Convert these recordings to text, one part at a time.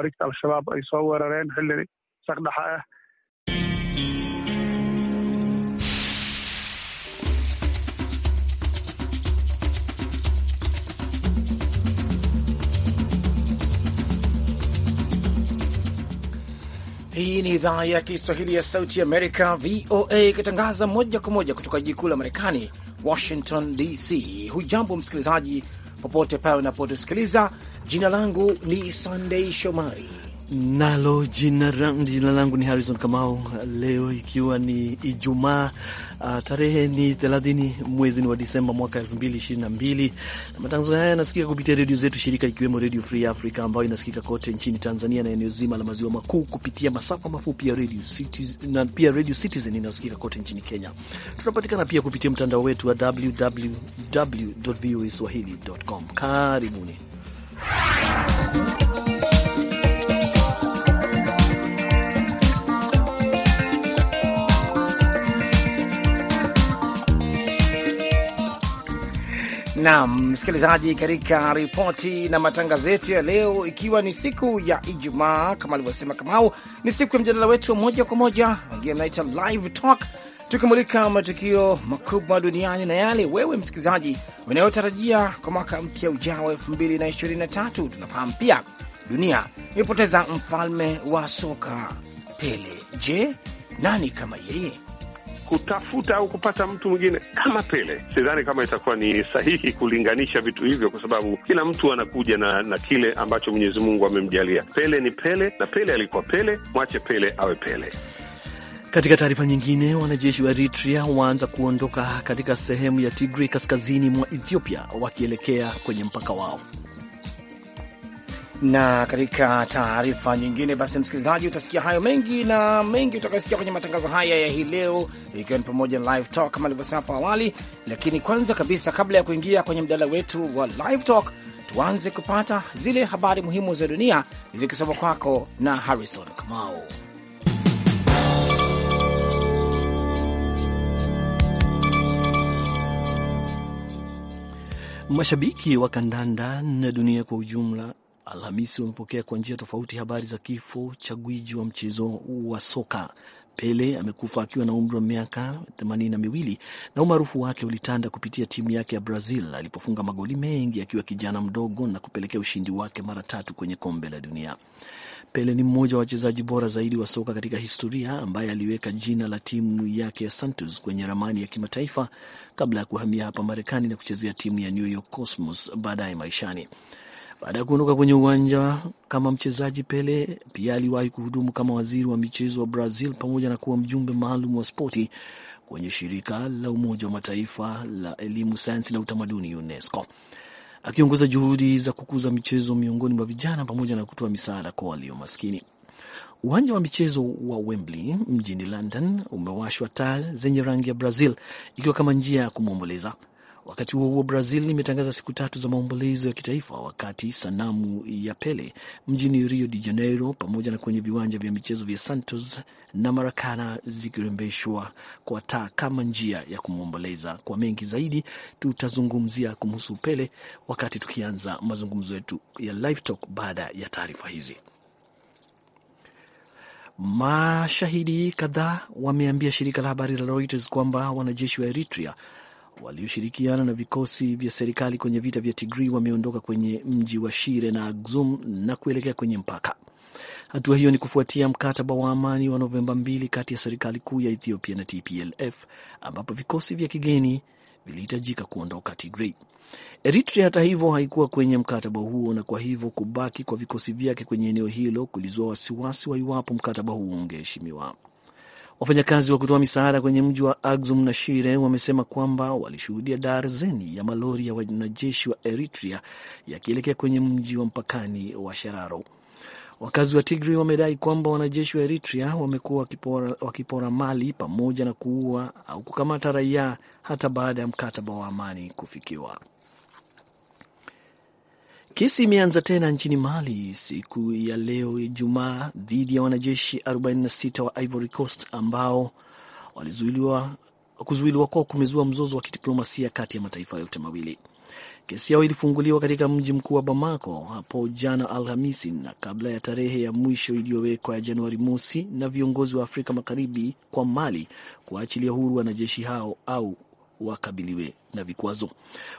taariikhda al-shabaab ay soo weerareen xilli saqdhaxa ah Hii ni idhaa ya Kiswahili ya Sauti Amerika, VOA, ikitangaza moja kwa moja kutoka jiji kuu la Marekani, Washington DC. Hujambo msikilizaji popote pale unapotusikiliza. Jina langu ni Sunday Shomari nalo jina langu ni Harrison Kamau. Leo ikiwa ni Ijumaa Uh, tarehe ni 30 mwezi ni wa Disemba mwaka 2022, na matangazo haya yanasikika kupitia redio zetu shirika ikiwemo Radio Free Africa ambayo inasikika kote nchini Tanzania na eneo zima la maziwa makuu kupitia masafa mafupi ya Radio Citizen, na pia Radio Citizen inayosikika kote nchini Kenya. Tunapatikana pia kupitia mtandao wetu wa www.voaswahili.com. Karibuni. Naam msikilizaji, katika ripoti na matangazo yetu ya leo, ikiwa ni siku ya Ijumaa kama alivyosema Kamau, ni siku ya mjadala wetu moja kwa moja, wengine mnaita live talk, tukimulika matukio makubwa duniani na yale wewe msikilizaji unayotarajia kwa mwaka mpya ujao tatu. Tunafahamu pia dunia imepoteza mfalme wa soka Pele. Je, nani kama yeye? kutafuta au kupata mtu mwingine kama Pele, sidhani kama itakuwa ni sahihi kulinganisha vitu hivyo, kwa sababu kila mtu anakuja na, na kile ambacho Mwenyezi Mungu amemjalia. Pele ni Pele na Pele alikuwa Pele, mwache Pele awe Pele. Katika taarifa nyingine, wanajeshi wa Eritrea waanza kuondoka katika sehemu ya Tigray kaskazini mwa Ethiopia wakielekea kwenye mpaka wao na katika taarifa nyingine, basi msikilizaji, utasikia hayo mengi na mengi utakayosikia kwenye matangazo haya ya hii leo, ikiwa ni pamoja na live talk kama alivyosema hapo awali. Lakini kwanza kabisa, kabla ya kuingia kwenye mdala wetu wa live talk, tuanze kupata zile habari muhimu za dunia zikisoma kwako na Harrison Kamau. Mashabiki wa kandanda na dunia kwa ujumla Alhamisi wamepokea kwa njia tofauti habari za kifo cha gwiji wa mchezo wa soka Pele amekufa akiwa na umri wa miaka themanini na miwili na umaarufu wake ulitanda kupitia timu yake ya Brazil alipofunga magoli mengi akiwa kijana mdogo na kupelekea ushindi wake mara tatu kwenye kombe la dunia. Pele ni mmoja wa wachezaji bora zaidi wa soka katika historia ambaye aliweka jina la timu yake ya Santos kwenye ramani ya kimataifa kabla ya kuhamia hapa Marekani na kuchezea timu ya New York Cosmos baadaye maishani. Baada ya kuondoka kwenye uwanja kama mchezaji, Pele pia aliwahi kuhudumu kama waziri wa michezo wa Brazil pamoja na kuwa mjumbe maalum wa spoti kwenye shirika la Umoja wa Mataifa la elimu, sayansi na utamaduni, UNESCO, akiongoza juhudi za kukuza michezo miongoni mwa vijana pamoja na kutoa misaada kwa walio maskini. Uwanja wa michezo wa Wembley mjini London umewashwa taa zenye rangi ya Brazil ikiwa kama njia ya kumwomboleza Wakati huo huo, Brazil imetangaza siku tatu za maombolezo ya kitaifa, wakati sanamu ya Pele mjini Rio de Janeiro pamoja na kwenye viwanja vya michezo vya Santos na Marakana zikirembeshwa kwa taa kama njia ya kumwomboleza. Kwa mengi zaidi, tutazungumzia kumhusu Pele wakati tukianza mazungumzo yetu ya Live Talk baada ya taarifa hizi. Mashahidi kadhaa wameambia shirika la habari la Reuters kwamba wanajeshi wa Eritrea walioshirikiana na vikosi vya serikali kwenye vita vya Tigri wameondoka kwenye mji wa Shire na azum na kuelekea kwenye mpaka. Hatua hiyo ni kufuatia mkataba wa amani wa Novemba mbili kati ya serikali kuu ya Ethiopia na TPLF ambapo vikosi vya kigeni vilihitajika kuondoka Tigray. Eritrea hata hivyo haikuwa kwenye mkataba huo, na kwa hivyo kubaki kwa vikosi vyake kwenye eneo hilo kulizua wasiwasi wa iwapo mkataba huo ungeheshimiwa. Wafanyakazi wa kutoa misaada kwenye mji wa Axum na Shire wamesema kwamba walishuhudia darzeni ya malori ya wanajeshi wa Eritrea yakielekea kwenye mji wa mpakani wa Shararo. Wakazi wa tigri wamedai kwamba wanajeshi wa Eritrea wamekuwa wakipora, wakipora mali pamoja na kuua au kukamata raia hata baada ya mkataba wa amani kufikiwa. Kesi imeanza tena nchini Mali siku ya leo Ijumaa dhidi ya wanajeshi 46 wa Ivory Coast ambao walizuiliwa kuzuiliwa kwao kumezua mzozo wa kidiplomasia kati ya mataifa yote mawili. Kesi yao ilifunguliwa katika mji mkuu wa Bamako hapo jana Alhamisi, na kabla ya tarehe ya mwisho iliyowekwa ya Januari mosi na viongozi wa Afrika Magharibi kwa Mali kuwaachilia huru wanajeshi hao au wakabiliwe na vikwazo.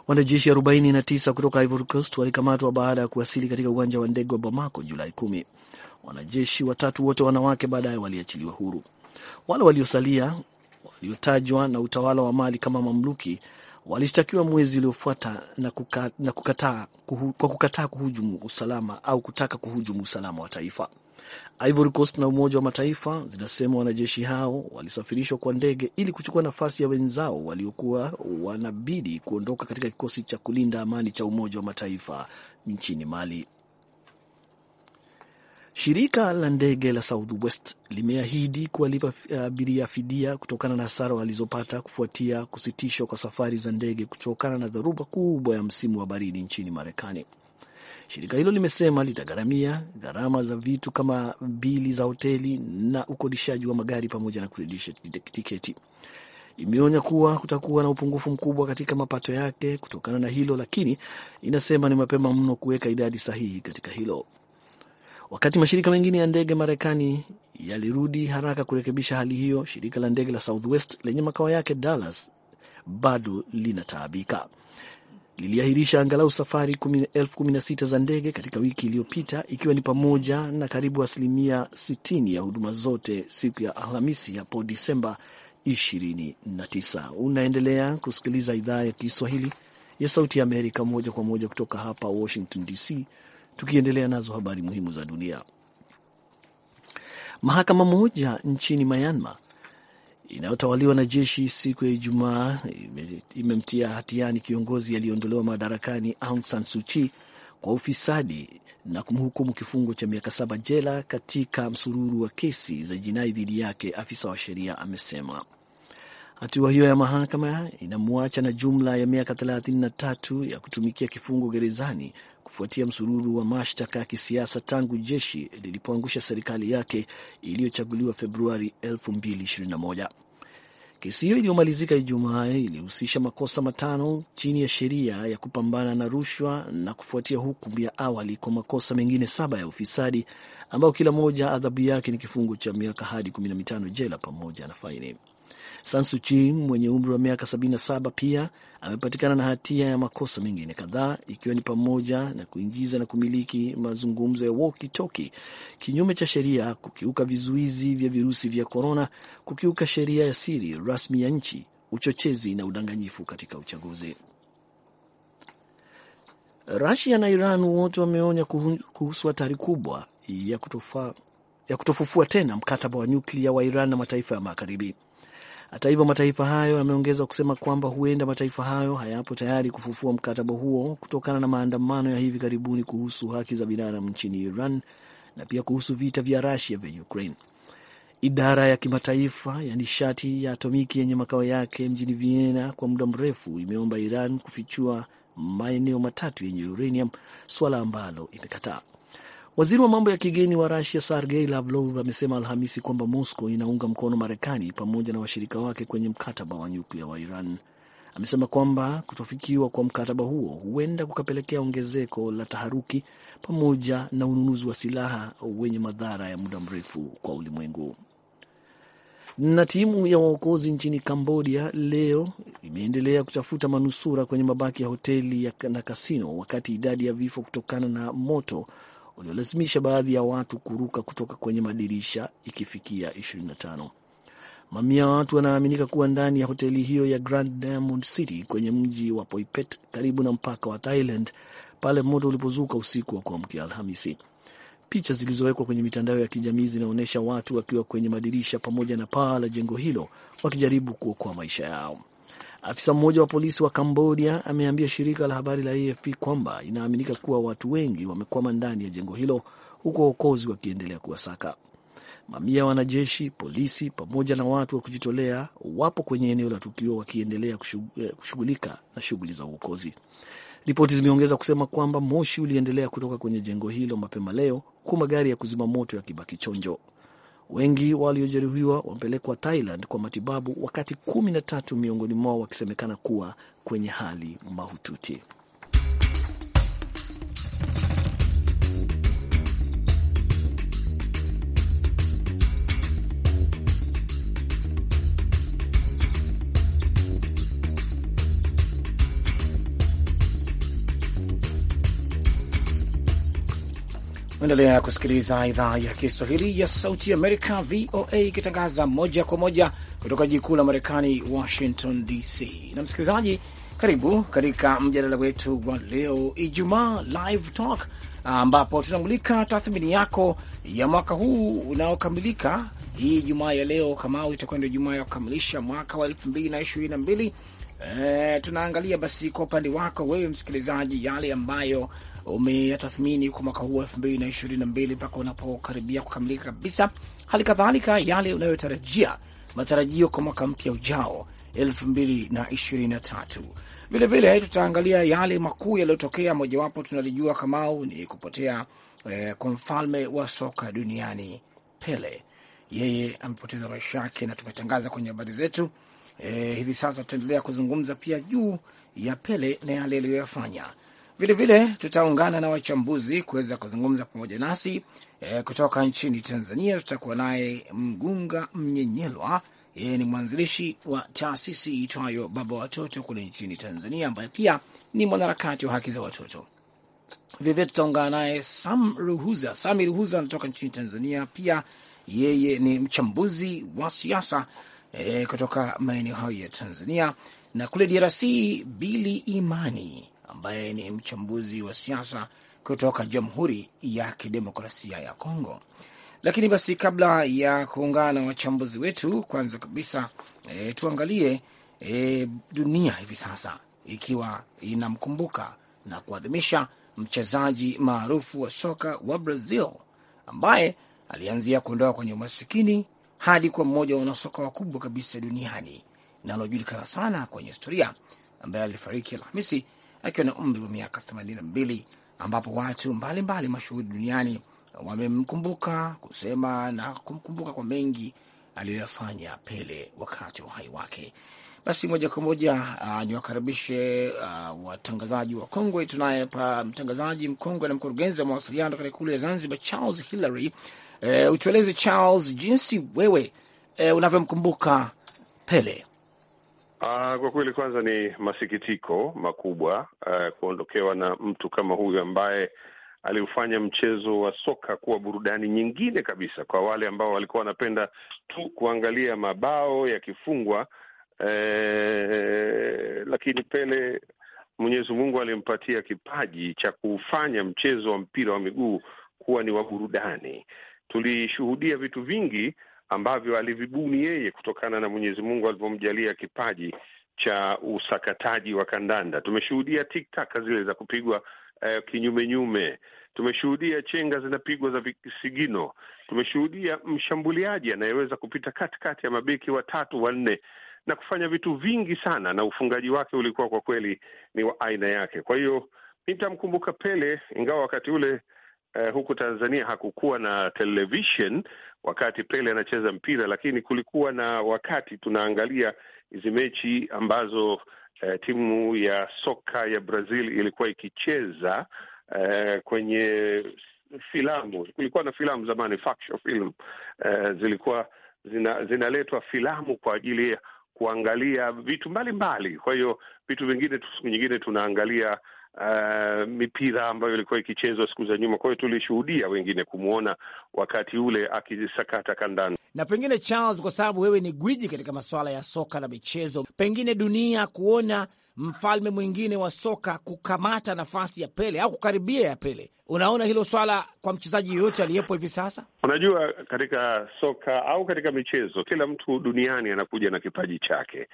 Wanajeshi 49 kutoka Ivory Coast walikamatwa baada ya kuwasili katika uwanja wa ndege wa Bamako Julai kumi. Wanajeshi watatu wote wanawake baadaye waliachiliwa huru. Wale waliosalia waliotajwa na utawala wa Mali kama mamluki walishtakiwa mwezi uliofuata na na kukataa, kuhu, kwa kukataa kuhujumu usalama au kutaka kuhujumu usalama wa taifa. Ivory Coast na Umoja wa Mataifa zinasema wanajeshi hao walisafirishwa kwa ndege ili kuchukua nafasi ya wenzao waliokuwa wanabidi kuondoka katika kikosi cha kulinda amani cha Umoja wa Mataifa nchini Mali. Shirika la ndege la Southwest limeahidi kuwalipa eh, abiria fidia kutokana na hasara walizopata kufuatia kusitishwa kwa safari za ndege kutokana na dharuba kubwa ya msimu wa baridi nchini Marekani. Shirika hilo limesema litagharamia gharama za vitu kama bili za hoteli na ukodishaji wa magari pamoja na kuridisha tiketi. Imeonya kuwa kutakuwa na upungufu mkubwa katika mapato yake kutokana na hilo, lakini inasema ni mapema mno kuweka idadi sahihi katika hilo. Wakati mashirika mengine ya ndege Marekani yalirudi haraka kurekebisha hali hiyo, shirika la ndege la Southwest lenye makao yake Dallas bado linataabika liliahirisha angalau safari elfu kumi na sita za ndege katika wiki iliyopita ikiwa ni pamoja na karibu asilimia 60 ya huduma zote siku ya Alhamisi hapo Disemba 29. Unaendelea kusikiliza idhaa ya Kiswahili ya Sauti ya Amerika moja kwa moja kutoka hapa Washington DC, tukiendelea nazo habari muhimu za dunia. Mahakama moja nchini Myanmar inayotawaliwa na jeshi siku ya Ijumaa imemtia hatiani kiongozi aliyeondolewa madarakani Aung San Suu Kyi kwa ufisadi na kumhukumu kifungo cha miaka saba jela katika msururu wa kesi za jinai dhidi yake, afisa wa sheria amesema. Hatua hiyo ya mahakama inamwacha na jumla ya miaka 33 ya kutumikia kifungo gerezani kufuatia msururu wa mashtaka ya kisiasa tangu jeshi lilipoangusha serikali yake iliyochaguliwa Februari 2021. Kesi hiyo iliyomalizika Ijumaa ilihusisha makosa matano chini ya sheria ya kupambana na rushwa na kufuatia hukumu ya awali kwa makosa mengine saba ya ufisadi ambayo kila moja adhabu yake ni kifungo cha miaka hadi 15 jela pamoja na faini sansuchi mwenye umri wa miaka 77 pia amepatikana na hatia ya makosa mengine kadhaa ikiwa ni pamoja na kuingiza na kumiliki mazungumzo ya walkie toki kinyume cha sheria, kukiuka vizuizi vya virusi vya korona, kukiuka sheria ya siri rasmi ya nchi, uchochezi na udanganyifu katika uchaguzi. Rusia na Iran wote wameonya kuhusu hatari kubwa ya, kutofa, ya kutofufua tena mkataba wa nyuklia wa Iran na mataifa ya Magharibi. Hata hivyo, mataifa hayo yameongeza kusema kwamba huenda mataifa hayo hayapo tayari kufufua mkataba huo kutokana na maandamano ya hivi karibuni kuhusu haki za binadamu nchini Iran na pia kuhusu vita vya Rusia vya Ukraine. Idara ya kimataifa ya nishati ya atomiki yenye makao yake mjini Vienna kwa muda mrefu imeomba Iran kufichua maeneo matatu yenye uranium, suala ambalo imekataa. Waziri wa mambo ya kigeni wa Rusia Sergei Lavrov amesema Alhamisi kwamba Moscow inaunga mkono Marekani pamoja na washirika wake kwenye mkataba wa nyuklia wa Iran. Amesema kwamba kutofikiwa kwa mkataba huo huenda kukapelekea ongezeko la taharuki pamoja na ununuzi wa silaha wenye madhara ya muda mrefu kwa ulimwengu. Na timu ya waokozi nchini Kambodia leo imeendelea kutafuta manusura kwenye mabaki ya hoteli na kasino, wakati idadi ya vifo kutokana na moto uliolazimisha baadhi ya watu kuruka kutoka kwenye madirisha ikifikia 25. Mamia ya watu wanaaminika kuwa ndani ya hoteli hiyo ya Grand Diamond City kwenye mji wa Poipet karibu na mpaka wa Thailand pale moto ulipozuka usiku wa kuamkia Alhamisi. Picha zilizowekwa kwenye mitandao ya kijamii zinaonyesha watu wakiwa kwenye madirisha pamoja na paa la jengo hilo wakijaribu kuokoa maisha yao. Afisa mmoja wa polisi wa Kambodia ameambia shirika la habari la AFP kwamba inaaminika kuwa watu wengi wamekwama ndani ya jengo hilo huku waokozi wakiendelea kuwasaka. Mamia ya wanajeshi, polisi pamoja na watu wa kujitolea wapo kwenye eneo la tukio wakiendelea eh, kushughulika na shughuli za uokozi. Ripoti zimeongeza kusema kwamba moshi uliendelea kutoka kwenye jengo hilo mapema leo, huku magari ya kuzima moto yakibaki chonjo. Wengi waliojeruhiwa wamepelekwa Thailand kwa matibabu, wakati kumi na tatu miongoni mwao wakisemekana kuwa kwenye hali mahututi. Endelea kusikiliza idhaa ya Kiswahili ya Sauti ya Amerika, VOA, ikitangaza moja kwa moja kutoka jiji kuu la Marekani, Washington DC. Na msikilizaji, karibu katika mjadala wetu wa leo Ijumaa, Live Talk, ambapo tunamulika tathmini yako ya mwaka huu unaokamilika hii Ijumaa ya leo. Kamau, itakuwa ndio Ijumaa ya kukamilisha mwaka wa elfu mbili na ishirini na mbili. E, tunaangalia basi kwa upande wako wewe msikilizaji, yale ambayo umeyatathmini kwa mwaka huu elfu mbili na ishirini na mbili mpaka unapokaribia kukamilika kabisa, hali kadhalika yale unayotarajia matarajio kwa mwaka mpya ujao elfu mbili na ishirini na tatu. Vilevile tutaangalia yale makuu yaliyotokea, mojawapo tunalijua Kamau ni kupotea eh, kwa mfalme wa soka duniani Pele. Yeye amepoteza maisha yake na tumetangaza kwenye habari zetu. Eh, hivi sasa tutaendelea kuzungumza pia juu ya Pele na yale aliyoyafanya Vilevile tutaungana na wachambuzi kuweza kuzungumza pamoja nasi e, kutoka nchini Tanzania tutakuwa naye Mgunga Mnyenyelwa. Yeye ni mwanzilishi wa taasisi itwayo Baba Watoto kule nchini Tanzania, ambaye pia ni mwanaharakati wa haki za watoto. Vilevile tutaungana naye Sam Ruhuza. Sami Ruhuza anatoka nchini Tanzania, pia yeye ni mchambuzi wa siasa e, kutoka maeneo hayo ya Tanzania. Na kule DRC Bili Imani ambaye ni mchambuzi wa siasa kutoka Jamhuri ya Kidemokrasia ya Kongo. Lakini basi kabla ya kuungana na wachambuzi wetu, kwanza kabisa e, tuangalie e, dunia hivi sasa ikiwa inamkumbuka na kuadhimisha mchezaji maarufu wa soka wa Brazil ambaye alianzia kuondoka kwenye umasikini hadi kwa mmoja wa wanasoka wakubwa kabisa duniani, nalojulikana sana kwenye historia, ambaye alifariki Alhamisi akiwa na umri wa miaka 82, ambapo watu mbalimbali mashuhuri duniani wamemkumbuka kusema na kumkumbuka kwa mengi aliyoyafanya Pele wakati wa uhai wake. Basi moja kwa moja uh, niwakaribishe uh, watangazaji wa kongwe. Tunaye pa mtangazaji mkongwe na mkurugenzi wa mawasiliano katika kule ya Zanzibar, Charles Hillary. Uh, utueleze Charles, jinsi wewe uh, unavyomkumbuka Pele. Uh, kwa kweli kwanza ni masikitiko makubwa uh, kuondokewa na mtu kama huyu ambaye aliufanya mchezo wa soka kuwa burudani nyingine kabisa kwa wale ambao walikuwa wanapenda tu kuangalia mabao yakifungwa. Eh, lakini Pele Mwenyezi Mungu alimpatia kipaji cha kufanya mchezo wa mpira wa miguu kuwa ni wa burudani. Tulishuhudia vitu vingi ambavyo alivibuni yeye kutokana na Mwenyezi Mungu alivyomjalia kipaji cha usakataji wa kandanda. Tumeshuhudia tiktaka zile za kupigwa eh, kinyumenyume. Tumeshuhudia chenga zinapigwa za visigino. Tumeshuhudia mshambuliaji anayeweza kupita katikati ya mabeki watatu wanne na kufanya vitu vingi sana, na ufungaji wake ulikuwa kwa kweli ni wa aina yake. Kwa hiyo nitamkumbuka Pele, ingawa wakati ule eh, huku Tanzania hakukuwa na television wakati Pele anacheza mpira, lakini kulikuwa na wakati tunaangalia hizi mechi ambazo eh, timu ya soka ya Brazil ilikuwa ikicheza eh, kwenye filamu. Kulikuwa na filamu zamani faction film uh, zilikuwa zina, zinaletwa filamu kwa ajili ya kuangalia vitu mbalimbali Kwa hiyo vitu vingine, siku nyingine tunaangalia uh, mipira ambayo ilikuwa ikichezwa siku za nyuma. Kwa hiyo tulishuhudia wengine kumwona wakati ule akisakata kandani. Na pengine Charles, kwa sababu wewe ni gwiji katika masuala ya soka na michezo, pengine dunia kuona mfalme mwingine wa soka kukamata nafasi ya Pele au kukaribia ya Pele, unaona hilo swala kwa mchezaji yoyote aliyepo hivi sasa? Unajua, katika soka au katika michezo, kila mtu duniani anakuja na kipaji chake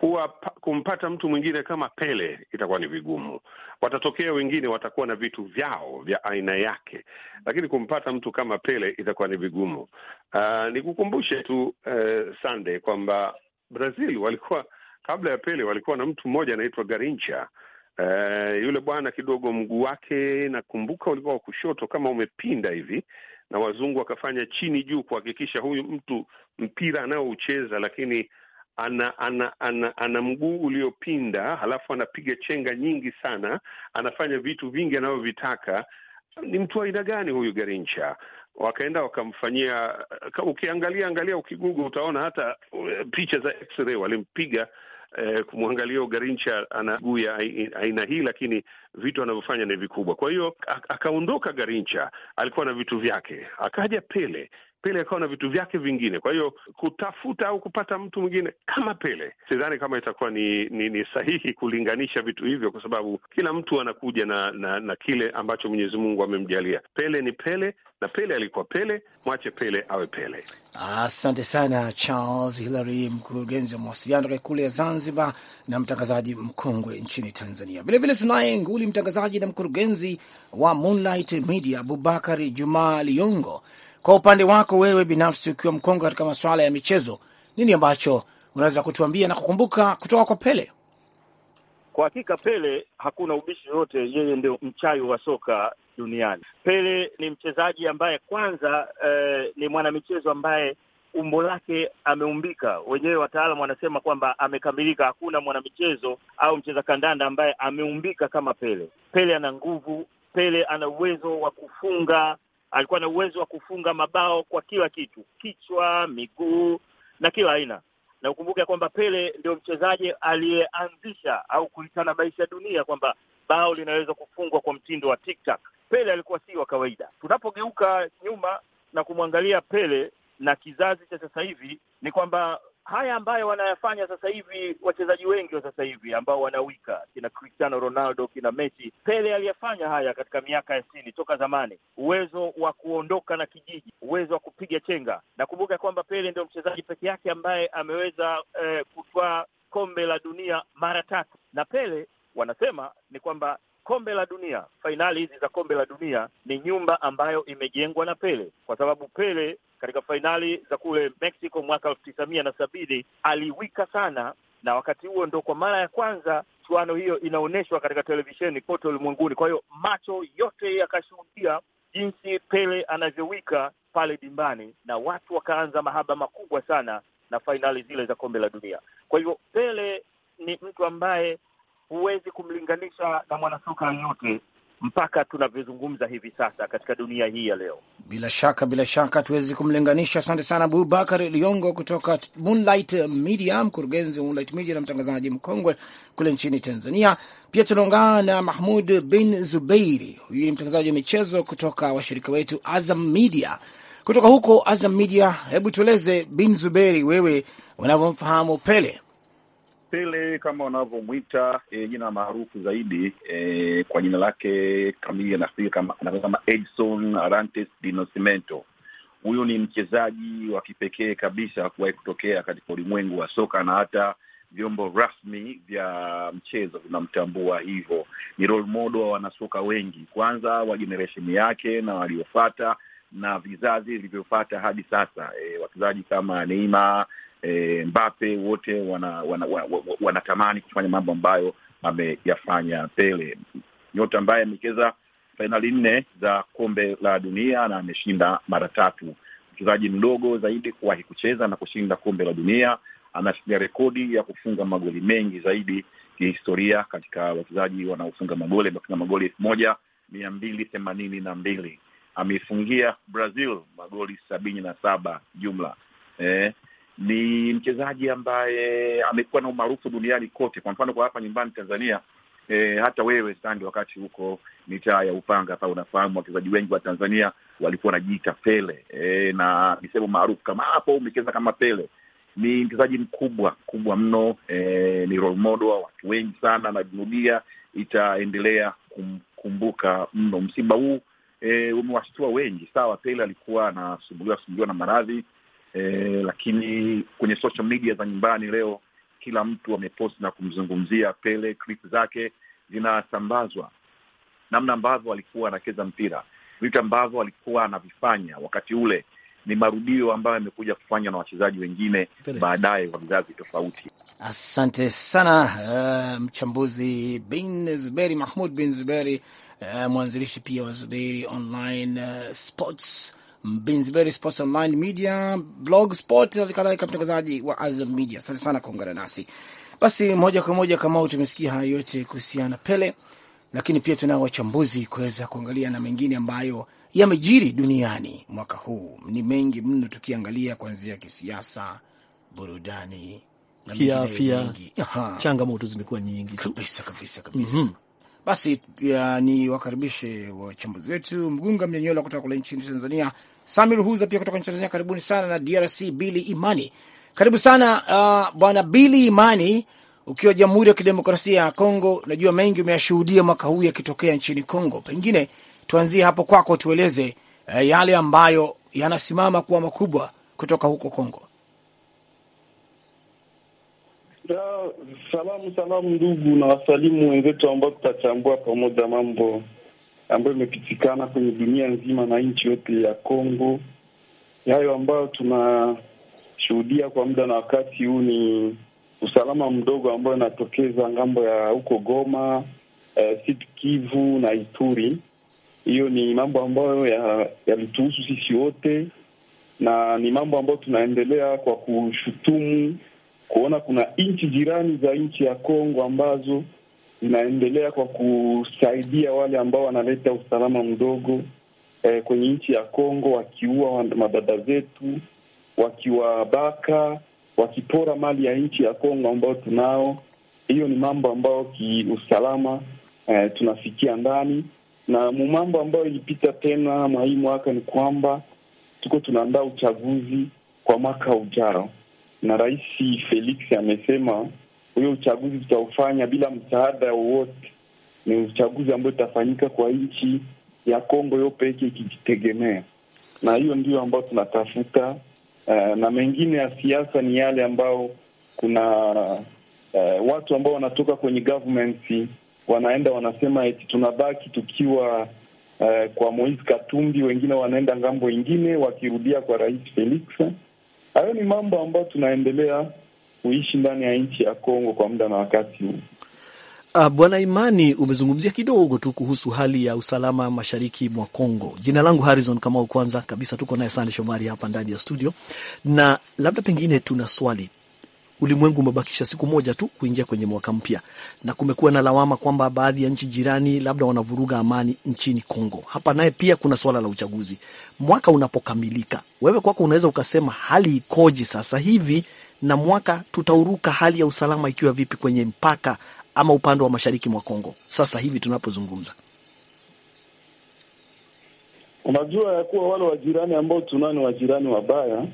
kuwa kumpata mtu mwingine kama Pele itakuwa ni vigumu. Watatokea wengine watakuwa na vitu vyao vya aina yake, lakini kumpata mtu kama Pele itakuwa ni vigumu. Uh, nikukumbushe tu uh, eh, Sunday kwamba Brazil walikuwa kabla ya Pele walikuwa na mtu mmoja anaitwa Garincha. Uh, eh, yule bwana kidogo mguu wake nakumbuka ulikuwa wa kushoto kama umepinda hivi, na wazungu wakafanya chini juu kuhakikisha huyu mtu mpira anayoucheza lakini ana ana ana, ana mguu uliopinda, halafu anapiga chenga nyingi sana, anafanya vitu vingi anavyovitaka. Ni mtu wa aina gani huyu Garincha? Wakaenda wakamfanyia, ukiangalia angalia, ukigugu utaona hata eh, picha za x-ray walimpiga Eh, kumwangalia Garincha ana miguu ya aina hii, lakini vitu anavyofanya ni vikubwa. Kwa hiyo akaondoka Garincha, alikuwa na vitu vyake. Akaja Pele Pele akawa na vitu vyake vingine. Kwa hiyo kutafuta au kupata mtu mwingine kama Pele, sidhani kama itakuwa ni, ni, ni sahihi kulinganisha vitu hivyo, kwa sababu kila mtu anakuja na na, na kile ambacho Mwenyezi Mungu amemjalia. Pele ni Pele na Pele alikuwa Pele, mwache Pele awe Pele. Asante sana Charles Hilary, mkurugenzi wa mawasiliano kule ya Zanzibar na mtangazaji mkongwe nchini Tanzania. Vilevile tunaye nguli mtangazaji na mkurugenzi wa Moonlight Media Abubakari Juma Liongo. Kwa upande wako wewe binafsi, ukiwa mkongwe katika masuala ya michezo, nini ambacho unaweza kutuambia na kukumbuka kutoka kwa Pele? Kwa hakika Pele hakuna ubishi yoyote, yeye ndio mchawi wa soka duniani. Pele ni mchezaji ambaye kwanza, eh, ni mwanamichezo ambaye umbo lake ameumbika wenyewe. Wataalamu wanasema kwamba amekamilika. Hakuna mwanamichezo au mcheza kandanda ambaye ameumbika kama Pele. Pele ana nguvu, Pele ana uwezo wa kufunga alikuwa na uwezo wa kufunga mabao kwa kila kitu, kichwa, miguu na kila aina. Na ukumbuke kwamba Pele ndio mchezaji aliyeanzisha au kulitana maisha ya dunia kwamba bao linaweza kufungwa kwa mtindo wa tiktak. Pele alikuwa si wa kawaida. Tunapogeuka nyuma na kumwangalia Pele na kizazi cha sasa hivi, ni kwamba haya ambayo wanayafanya sasa hivi wachezaji wengi wa sasa hivi ambao wanawika kina Cristiano Ronaldo, kina Messi, Pele aliyafanya haya katika miaka ya sitini toka zamani, uwezo wa kuondoka na kijiji, uwezo wa kupiga chenga. Nakumbuka kwamba Pele ndio mchezaji peke yake ambaye ameweza eh, kutwaa kombe la dunia mara tatu, na Pele wanasema ni kwamba kombe la dunia, fainali hizi za kombe la dunia ni nyumba ambayo imejengwa na Pele, kwa sababu Pele katika fainali za kule Mexico mwaka elfu tisa mia na sabini aliwika sana, na wakati huo ndo kwa mara ya kwanza chuano hiyo inaonyeshwa katika televisheni kote ulimwenguni. Kwa hiyo macho yote yakashuhudia jinsi Pele anavyowika pale dimbani, na watu wakaanza mahaba makubwa sana na fainali zile za kombe la dunia. Kwa hivyo Pele ni mtu ambaye huwezi kumlinganisha na mwanasoka yoyote mpaka tunavyozungumza hivi sasa katika dunia hii ya leo. Bila shaka, bila shaka tuwezi kumlinganisha. Asante sana Abubakar Liongo kutoka Moonlight Media, mkurugenzi wa Moonlight Media na mtangazaji mkongwe kule nchini Tanzania. Pia tunaungana na Mahmud bin Zubeiri, huyu ni mtangazaji wa michezo kutoka washirika wetu Azam Media kutoka huko Azam Media. Hebu tueleze bin zubeiri wewe unavyomfahamu Pele Pele kama wanavyomwita e, jina maarufu zaidi e, kwa jina lake kamili anafikiri kama Edson Arantes de Nascimento. Huyu ni mchezaji wa kipekee kabisa kuwahi kutokea katika ulimwengu wa soka na hata vyombo rasmi vya mchezo vinamtambua hivyo. Ni role model wa wanasoka wengi, kwanza wa generation yake na waliofata na vizazi vilivyofata hadi sasa. E, wachezaji kama Neymar e, Mbape wote wanatamani wana, wana, wana, wana kufanya mambo ambayo ameyafanya Pele, nyota ambaye amecheza fainali nne za kombe la dunia na ameshinda mara tatu, mchezaji mdogo zaidi kuwahi kucheza na kushinda kombe la dunia. Anashikilia rekodi ya kufunga magoli mengi zaidi kihistoria katika wachezaji wanaofunga magoli. Amefunga magoli elfu moja mia mbili themanini na mbili ameifungia Brazil magoli sabini na saba jumla eh, ni mchezaji ambaye amekuwa na umaarufu duniani kote. Kwa mfano kwa hapa nyumbani Tanzania, e, hata wewe Sandi, wakati huko mitaa ya Upanga pa unafahamu wachezaji wengi wa Tanzania walikuwa wanajiita Pele e, na misemo maarufu kama hapo umecheza kama Pele. Ni mchezaji mkubwa mkubwa mno e, ni role model wa watu wengi sana, na dunia itaendelea kumkumbuka mno. Msiba huu e, umewashtua wengi. Sawa, Pele alikuwa anasumbuliwa sumbuliwa na maradhi e, lakini kwenye social media za nyumbani leo kila mtu ameposti na kumzungumzia Pele. Klip zake zinasambazwa, namna ambavyo alikuwa anacheza mpira, vitu ambavyo alikuwa anavifanya wakati ule ni marudio ambayo yamekuja kufanywa na wachezaji wengine baadaye wa vizazi tofauti. Asante sana uh, mchambuzi bin Zuberi Mahmud bin Zuberi, uh, mwanzilishi pia wa Zuberi Online uh, Sports Binsbury Sports Online Media, Blog Sport na kadhalika, mtangazaji wa Azam Media. Asante sana kuungana nasi. Basi moja kwa moja, kama tumesikia haya yote kuhusiana Pele, lakini pia tunao wachambuzi kuweza kuangalia na mengine ambayo yamejiri duniani mwaka huu. Ni mengi mno, tukiangalia kuanzia kisiasa, burudani, kiafya, changamoto zimekuwa nyingi kabisa kabisa kabisa. mm -hmm. Basi ni wakaribishe wachambuzi wetu Mgunga Mnyanyola kutoka kule nchini Tanzania, samir huza pia kutoka nchini Tanzania, karibuni sana na DRC Bili Imani, karibu sana uh, bwana Bili Imani ukiwa Jamhuri ya Kidemokrasia ya Kongo. Najua mengi umeyashuhudia mwaka huu yakitokea nchini Kongo, pengine tuanzie hapo kwako, tueleze uh, yale ambayo yanasimama kuwa makubwa kutoka huko Kongo salamu salamu ndugu na wasalimu wenzetu ambao tutachambua pamoja mambo ambayo imepitikana kwenye dunia nzima na nchi yote ya Kongo. Hayo ambayo tunashuhudia kwa muda na wakati huu ni usalama mdogo ambayo inatokeza ngambo ya huko Goma, eh, Sud Kivu na Ituri. Hiyo ni mambo ambayo yalituhusu ya sisi wote na ni mambo ambayo tunaendelea kwa kushutumu kuona kuna nchi jirani za nchi ya Kongo ambazo zinaendelea kwa kusaidia wale ambao wanaleta usalama mdogo eh, kwenye nchi ya Kongo, wakiua madada zetu, wakiwabaka, wakipora mali ya nchi ya Kongo ambao tunao. Hiyo ni mambo ambayo kiusalama eh, tunafikia ndani na mambo ambayo ilipita tena mwa hii mwaka ni kwamba tuko tunaandaa uchaguzi kwa mwaka ujao na Rais Felix amesema huyo uchaguzi tutaufanya bila msaada wowote. Ni uchaguzi ambao utafanyika kwa nchi ya Kongo yope yake ikijitegemea, na hiyo ndiyo ambayo tunatafuta. Uh, na mengine ya siasa ni yale ambao kuna uh, watu ambao wanatoka kwenye government wanaenda wanasema eti tunabaki tukiwa uh, kwa Moise Katumbi, wengine wanaenda ngambo ingine wakirudia kwa Rais Felix Hayo ni mambo ambayo tunaendelea kuishi ndani ya nchi ya Kongo kwa muda na wakati huu. Ah, Bwana Imani, umezungumzia kidogo tu kuhusu hali ya usalama mashariki mwa Kongo. Jina langu Harrison Kamau, kwanza kabisa tuko naye Sande Shomari hapa ndani ya studio, na labda pengine tuna swali ulimwengu umebakisha siku moja tu kuingia kwenye mwaka mpya, na kumekuwa na lawama kwamba baadhi ya nchi jirani labda wanavuruga amani nchini Kongo. Hapa naye pia kuna swala la uchaguzi. Mwaka unapokamilika, wewe kwako unaweza ukasema hali ikoje sasa hivi na mwaka tutauruka, hali ya usalama ikiwa vipi kwenye mpaka ama upande wa mashariki mwa Kongo sasa hivi tunapozungumza? Unajua ya kuwa wale wajirani ambao tunao ni wajirani wabaya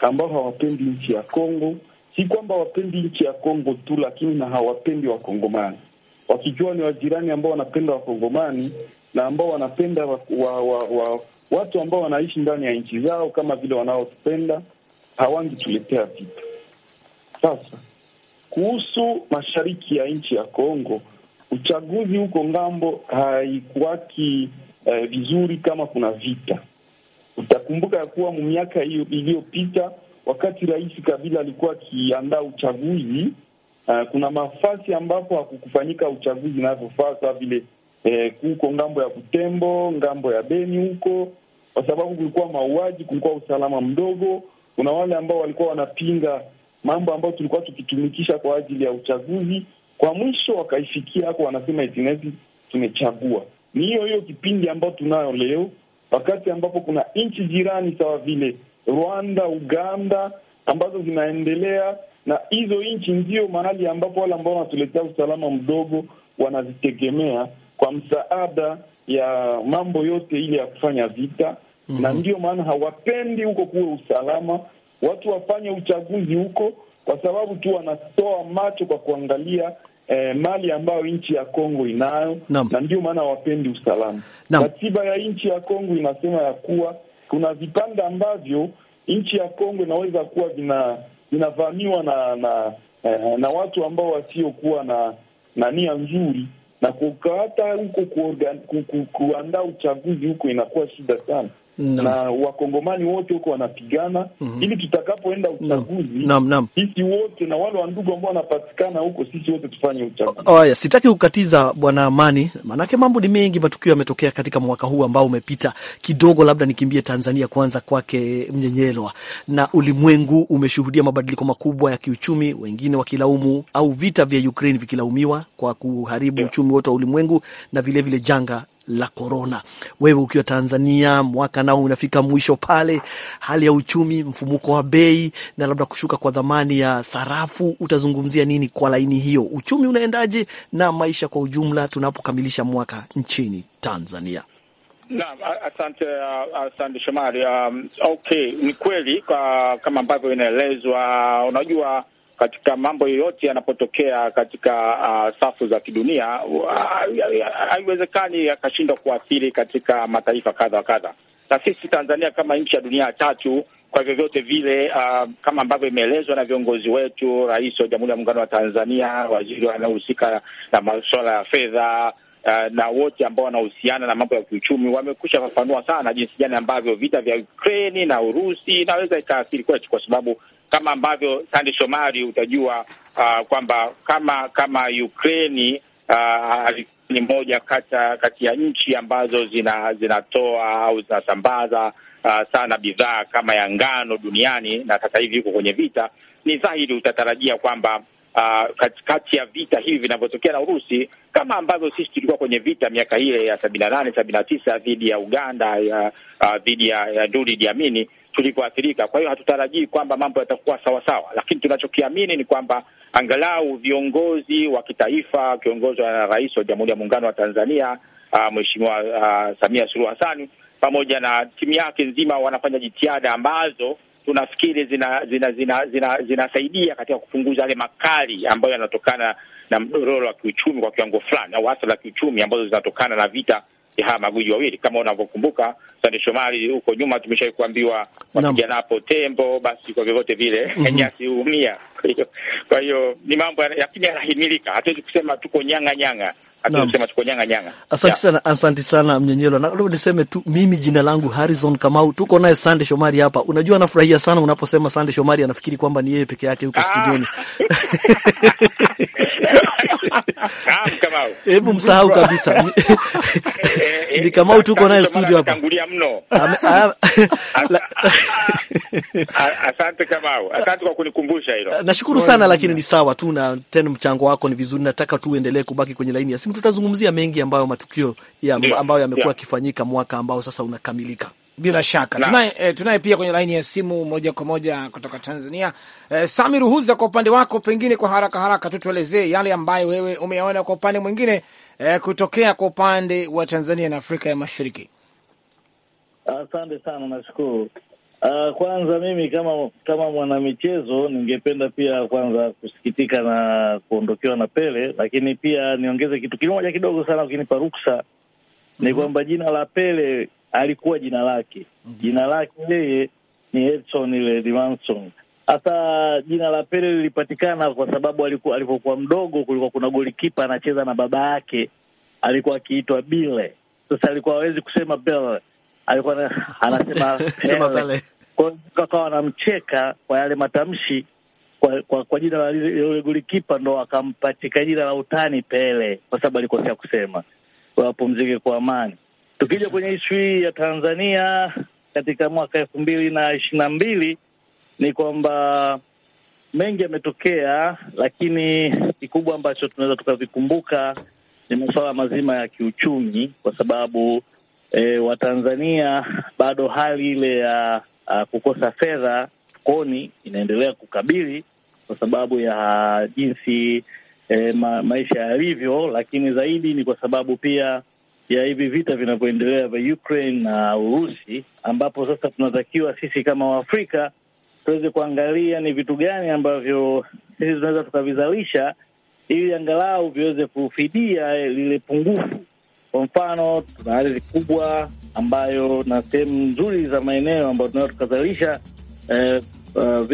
ambao hawapendi nchi ya Kongo si kwamba wapendi nchi ya Kongo tu, lakini na hawapendi Wakongomani, wakijua ni wajirani ambao wanapenda Wakongomani na ambao wanapenda wa, wa, wa, wa, watu ambao wanaishi ndani ya nchi zao kama vile wanaotupenda, hawangituletea vita. Sasa kuhusu mashariki ya nchi ya Kongo, uchaguzi huko ngambo haikuwaki eh, vizuri kama kuna vita. Utakumbuka ya kuwa miaka hiyo iliyopita wakati Rais Kabila alikuwa akiandaa uchaguzi uh, kuna mafasi ambapo hakukufanyika uchaguzi inavyofaa saa vile eh, kuko ngambo ya Butembo, ngambo ya Beni huko, kwa sababu kulikuwa mauaji, kulikuwa usalama mdogo. Kuna wale ambao walikuwa wanapinga mambo ambayo tulikuwa tukitumikisha kwa ajili ya uchaguzi. Kwa mwisho wakaifikia hapo, wanasema itinezi tumechagua. Ni hiyo hiyo kipindi ambayo tunayo leo, wakati ambapo kuna nchi jirani sawa vile Rwanda, Uganda ambazo zinaendelea, na hizo nchi ndio mahali ambapo wale ambao wanatuletea usalama mdogo wanazitegemea kwa msaada ya mambo yote ile ya kufanya vita. Mm -hmm. Na ndiyo maana hawapendi huko kuwe usalama, watu wafanye uchaguzi huko kwa sababu tu wanatoa macho kwa kuangalia eh, mali ambayo nchi ya Kongo inayo. Na ndio maana hawapendi usalama. Katiba ya nchi ya Kongo inasema ya kuwa kuna vipande ambavyo nchi ya Kongo inaweza kuwa vinavamiwa na na, eh, na watu ambao wasiokuwa na na nia nzuri na kukata huko kuandaa uchaguzi huko inakuwa shida sana no. na wakongomani wote huko wanapigana mm -hmm. ili tutakapoenda uchaguzi no. no, no. sisi wote na wale wandugu ambao wanapatikana huko sisi wote tufanye uchaguzi. Oh, Sitaki kukatiza Bwana Amani, maanake mambo ni mengi, matukio yametokea katika mwaka huu ambao umepita. Kidogo labda nikimbie Tanzania kwanza kwake Mnyenyelwa, na ulimwengu umeshuhudia mabadiliko makubwa ya kiuchumi, wengine wakilaumu au vita vya Ukraine vikilaumiwa kwa kuharibu yeah. uchumi wote wa ulimwengu na vilevile vile janga la korona. Wewe ukiwa Tanzania, mwaka nao unafika mwisho pale, hali ya uchumi, mfumuko wa bei na labda kushuka kwa dhamani ya sarafu, utazungumzia nini kwa laini hiyo? Uchumi unaendaje na maisha kwa ujumla tunapokamilisha mwaka nchini Tanzania? Naam, asante asante Shomari. Um, okay, ni kweli kama ambavyo inaelezwa, unajua katika mambo yoyote yanapotokea katika uh, safu za kidunia uh, haiwezekani uh, kuathiri katika mataifa kadha wa kadha, na sisi Tanzania kama nchi ya dunia ya tatu kwa vyovyote vile uh, kama ambavyo imeelezwa na viongozi wetu, Rais wa Jamhuri ya Muungano wa Tanzania, waziri wanaohusika na masuala ya fedha uh, na wote ambao wanahusiana na mambo ya kiuchumi wamekusha fafanua sana jinsi gani ambavyo vita vya Ukraini na Urusi inaweza ikaathiri kwetu, kwa sababu kama ambavyo Sande Shomari utajua uh, kwamba kama kama Ukraini uh, ni moja kata, kati ya nchi ambazo zina, zinatoa au zinasambaza uh, sana bidhaa kama ya ngano duniani, na sasa hivi yuko kwenye vita, ni dhahiri utatarajia kwamba uh, kati ya vita hivi vinavyotokea na Urusi, kama ambavyo sisi tulikuwa kwenye vita miaka ile ya sabini na nane sabini na tisa dhidi ya Uganda ya, uh, dhidi ya, ya Nduli Diamini tulivyoathirika. Kwa hiyo hatutarajii kwamba mambo yatakuwa sawasawa, lakini tunachokiamini ni kwamba angalau viongozi wa kitaifa kiongozwa na Rais wa Jamhuri ya Muungano wa Tanzania Mheshimiwa Samia Suluhu hasani pamoja na timu yake nzima wanafanya jitihada ambazo tunafikiri zinasaidia zina, zina, zina, zina katika kupunguza yale makali ambayo yanatokana na mdororo wa kiuchumi kwa kiwango fulani, au hasa la kiuchumi ambazo zinatokana na vita ya haya magwiji wawili kama unavyokumbuka Sande Shomari, huko nyuma tumeshawahi kuambiwa wapiganapo tembo, basi kwa vyovyote vile mm -hmm. nyasi huumia. Kwa hiyo ni mambo lakini yanahimilika, hatuwezi kusema tuko nyanga nyanga, hatuwezi kusema tuko nyanga nyanga. Asante sana, asante sana Mnyenyelwa, na leo niseme tu mimi jina langu Harrison Kamau, tuko naye Sande Shomari hapa. Unajua anafurahia sana unaposema Sande Shomari, anafikiri kwamba ni yeye peke yake huko ah. studioni Hebu msahau kabisa ni eh, eh, Kamau, tuko naye studio hapa. Asante Kamau, asante kwa kunikumbusha hilo. Nashukuru sana, lakini ni sawa tu, na tena mchango wako ni vizuri. Nataka tu uendelee kubaki kwenye laini ya simu, tutazungumzia mengi ambayo matukio ambayo yamekuwa yakifanyika mwaka ambao sasa unakamilika. Bila shaka tunaye eh, tunaye pia kwenye laini ya simu moja kwa moja kutoka Tanzania eh, Sami Ruhuza, kwa upande wako, pengine kwa haraka haraka tu tuelezee yale ambayo wewe umeyaona kwa upande mwingine eh, kutokea kwa upande wa Tanzania na Afrika ya Mashariki. Asante sana, nashukuru uh, kwanza mimi kama kama mwanamichezo ningependa pia kwanza kusikitika na kuondokewa na Pele, lakini pia niongeze kitu kimoja kidogo sana, ukinipa ruksa ni mhm. kwamba jina la Pele alikuwa jina lake mm -hmm. Jina lake yeye ni Edson Levanson. Hata jina la Pele lilipatikana kwa sababu alipokuwa mdogo, kulikuwa kuna golikipa anacheza na baba yake alikuwa akiitwa Bile. Sasa alikuwa hawezi kusema Bele, alikuwa anasema Pele, kwa hiyo anamcheka kwa yale matamshi kwa, kwa, kwa jina la yule golikipa ndo akampatika jina la utani Pele, kwa sababu alikosea kusema. Wapumzike kwa amani. Tukija kwenye ishu hii ya Tanzania katika mwaka elfu mbili na ishirini na mbili ni kwamba mengi yametokea, lakini kikubwa ambacho tunaweza tukavikumbuka ni masuala mazima ya kiuchumi, kwa sababu e, Watanzania bado hali ile ya ah, kukosa fedha koni inaendelea kukabili kwa sababu ya jinsi e, ma, maisha yalivyo, lakini zaidi ni kwa sababu pia ya hivi vita vinavyoendelea vya Ukraine na Urusi, ambapo sasa tunatakiwa sisi kama Waafrika tuweze kuangalia ni vitu gani ambavyo sisi tunaweza tukavizalisha ili angalau viweze kufidia lile pungufu. Kwa mfano, tuna ardhi kubwa ambayo na sehemu nzuri za maeneo ambayo tunaweza tukazalisha eh, Eh,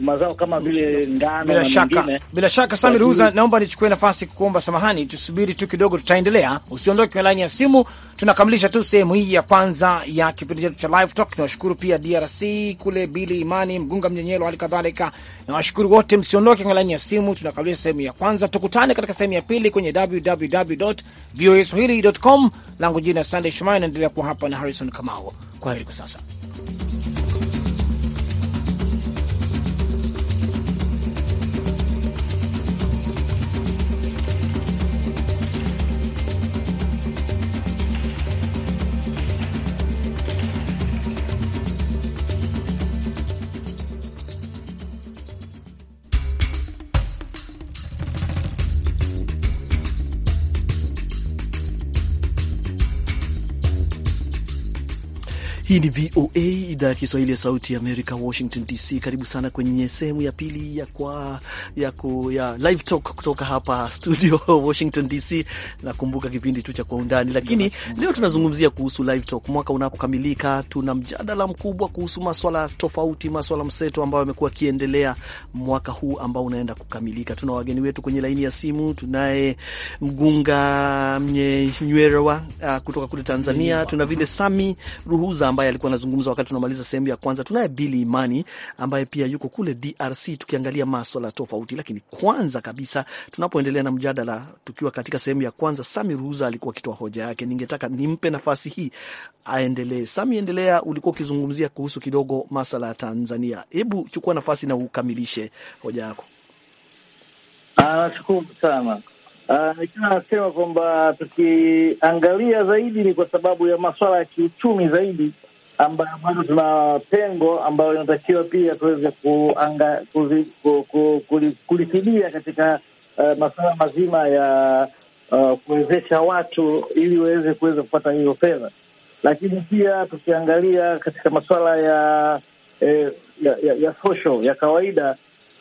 mazao kama vile ngano bila shaka, bila shaka Samir Huza, naomba nichukue nafasi kukuomba samahani, tusubiri tu kidogo, tutaendelea. Usiondoke kwenye laini ya simu, tunakamilisha tu sehemu hii ya kwanza ya kipindi chetu cha Live Talk. Tunawashukuru pia DRC kule, Bili Imani Mgunga Mnyenyelo, hali kadhalika na washukuru wote, msiondoke kwenye laini ya simu, tunakamilisha sehemu ya kwanza. Tukutane katika sehemu ya pili kwenye www.voaswahili.com. Langu jina Sunday Shumai, naendelea kuwa hapa na Harrison Kamau. Kwa heri kwa sasa. Hii ni VOA idhaa ya Kiswahili ya Sauti ya Amerika, Washington DC. Karibu sana kwenye sehemu ya pili ya, kwa, ya, ku, ya live talk kutoka hapa studio Washington DC. Nakumbuka kipindi tu cha Kwa Undani, lakini leo tunazungumzia kuhusu live talk. Mwaka unapokamilika, tuna mjadala mkubwa kuhusu maswala tofauti, maswala mseto ambayo yamekuwa akiendelea mwaka huu ambao unaenda kukamilika. Tuna wageni wetu kwenye laini ya simu, tunaye Mgunga Mnyenywerwa uh, kutoka kule Tanzania, tuna vile Sami Ruhuza ambaye ambaye alikuwa anazungumza wakati tunamaliza sehemu ya kwanza. Tunaye Bili Imani ambaye pia yuko kule DRC, tukiangalia maswala tofauti. Lakini kwanza kabisa, tunapoendelea na mjadala, tukiwa katika sehemu ya kwanza, Sami Ruza alikuwa akitoa hoja yake. Ningetaka nimpe nafasi hii aendelee. Sami, endelea, ulikuwa ukizungumzia kuhusu kidogo maswala ya Tanzania. Hebu chukua nafasi na ukamilishe hoja yako. Ah, nashukuru sana. Ah, nikiwa nasema kwamba tukiangalia zaidi ni kwa sababu ya masuala ya kiuchumi zaidi ambayo bado tuna pengo ambayo inatakiwa pia tuweze kulifidia katika uh, masuala mazima ya uh, kuwezesha watu ili waweze kuweza kupata hiyo fedha, lakini pia tukiangalia katika masuala ya, eh, ya, ya ya social ya kawaida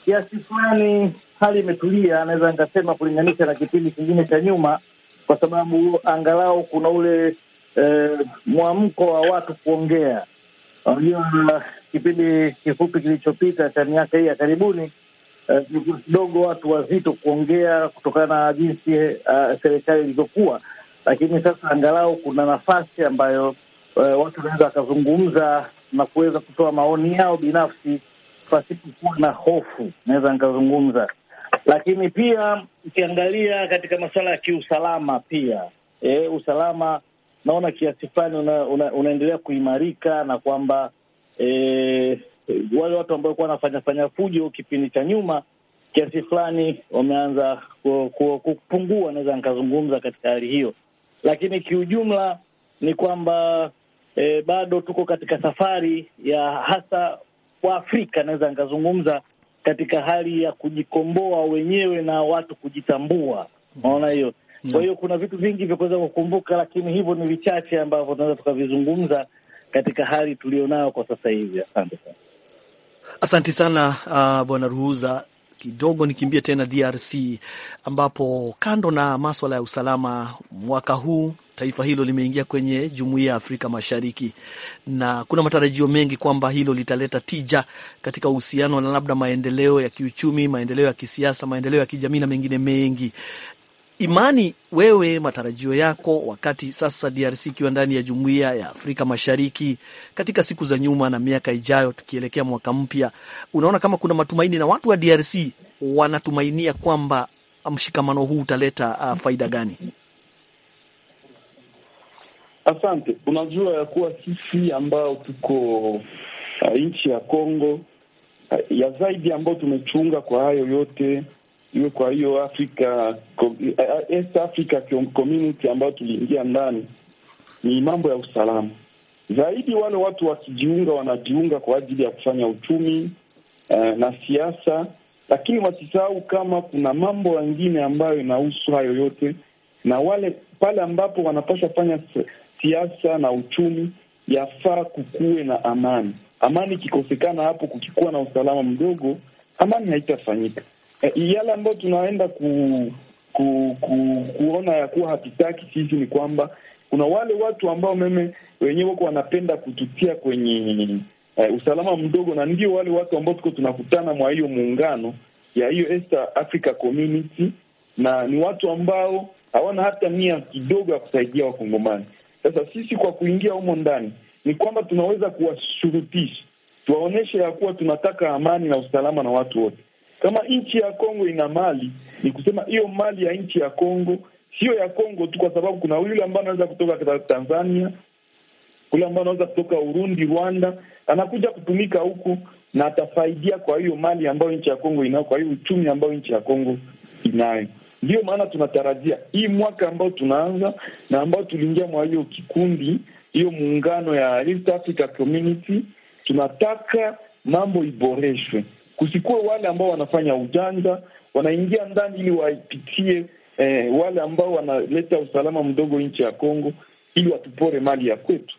kiasi fulani hali imetulia, anaweza nikasema kulinganisha na kipindi kingine cha nyuma, kwa sababu angalau kuna ule Eh, mwamko wa watu kuongea. Unajua, kipindi kifupi kilichopita cha miaka hii ya karibuni vilikuwa eh, e, kidogo watu wazito kuongea kutokana na jinsi uh, serikali ilivyokuwa, lakini sasa angalau kuna nafasi ambayo e, watu wanaweza wakazungumza na kuweza kutoa maoni yao binafsi pasipokuwa na hofu, naweza nikazungumza. Lakini pia ukiangalia katika masuala ya kiusalama pia eh, usalama naona kiasi fulani una, una, unaendelea kuimarika na kwamba e, wale watu ambao walikuwa wanafanyafanya fujo kipindi cha nyuma kiasi fulani wameanza kupungua, naweza nikazungumza katika hali hiyo, lakini kiujumla ni kwamba e, bado tuko katika safari ya hasa wa afrika naweza nikazungumza katika hali ya kujikomboa wenyewe na watu kujitambua. Naona hiyo kwa hiyo kuna vitu vingi vya kuweza kukumbuka, lakini hivyo ni vichache ambavyo tunaweza tukavizungumza katika hali tulionayo kwa sasa hivi. Asante sana, asante sana uh, Bwana Ruhuza. Kidogo nikimbie tena DRC ambapo kando na maswala ya usalama, mwaka huu taifa hilo limeingia kwenye jumuiya ya Afrika Mashariki na kuna matarajio mengi kwamba hilo litaleta tija katika uhusiano na labda maendeleo ya kiuchumi, maendeleo ya kisiasa, maendeleo ya kijamii na mengine mengi imani wewe, matarajio yako wakati sasa DRC ikiwa ndani ya jumuiya ya Afrika Mashariki, katika siku za nyuma na miaka ijayo, tukielekea mwaka mpya, unaona kama kuna matumaini na watu wa DRC wanatumainia kwamba mshikamano huu utaleta uh, faida gani? Asante. Unajua ya kuwa sisi ambao tuko uh, nchi ya Kongo uh, ya zaidi ambao tumechunga kwa hayo yote iwe. Kwa hiyo Africa, eh, eh, East Africa community ambayo tuliingia ndani ni mambo ya usalama zaidi. Wale watu wakijiunga, wanajiunga kwa ajili ya kufanya uchumi eh, na siasa, lakini wasisahau kama kuna mambo mengine ambayo inahusu hayo yote, na wale pale ambapo wanapasha fanya siasa na uchumi, yafaa kukuwe na amani. Amani ikikosekana hapo, kukikuwa na usalama mdogo, amani haitafanyika. Eh, yale ambayo tunaenda ku, ku, ku, kuona ya kuwa hatutaki sisi ni kwamba kuna wale watu ambao meme wenyewe wako wanapenda kututia kwenye eh, usalama mdogo, na ndio wale watu ambao tuko tunakutana mwa hiyo muungano ya hiyo East Africa Community, na ni watu ambao hawana hata nia kidogo ya kusaidia Wakongomani. Sasa sisi kwa kuingia humo ndani ni kwamba tunaweza kuwashurutisha, tuwaonyeshe ya kuwa tunataka amani na usalama na watu wote kama nchi ya Kongo ina mali, ni kusema hiyo mali ya nchi ya Kongo sio ya Kongo tu, kwa sababu kuna yule ambaye anaweza kutoka Tanzania, yule ambaye anaweza kutoka Urundi, Rwanda, anakuja kutumika huku na atafaidia kwa hiyo mali ambayo nchi ya Kongo inayo, kwa hiyo uchumi ambayo nchi ya Kongo inayo. Ndiyo maana tunatarajia hii mwaka ambao tunaanza na ambao tuliingia mwa hiyo kikundi hiyo muungano ya East Africa Community, tunataka mambo iboreshwe kusikuwe wale ambao wanafanya ujanja, wanaingia ndani ili wapitie eh, wale ambao wanaleta usalama mdogo nchi ya Kongo ili watupore mali ya kwetu.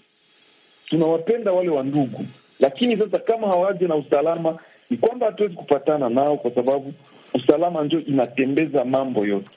Tunawapenda wale wa ndugu, lakini sasa kama hawaje na usalama, ni kwamba hatuwezi kupatana nao, kwa sababu usalama ndio inatembeza mambo yote.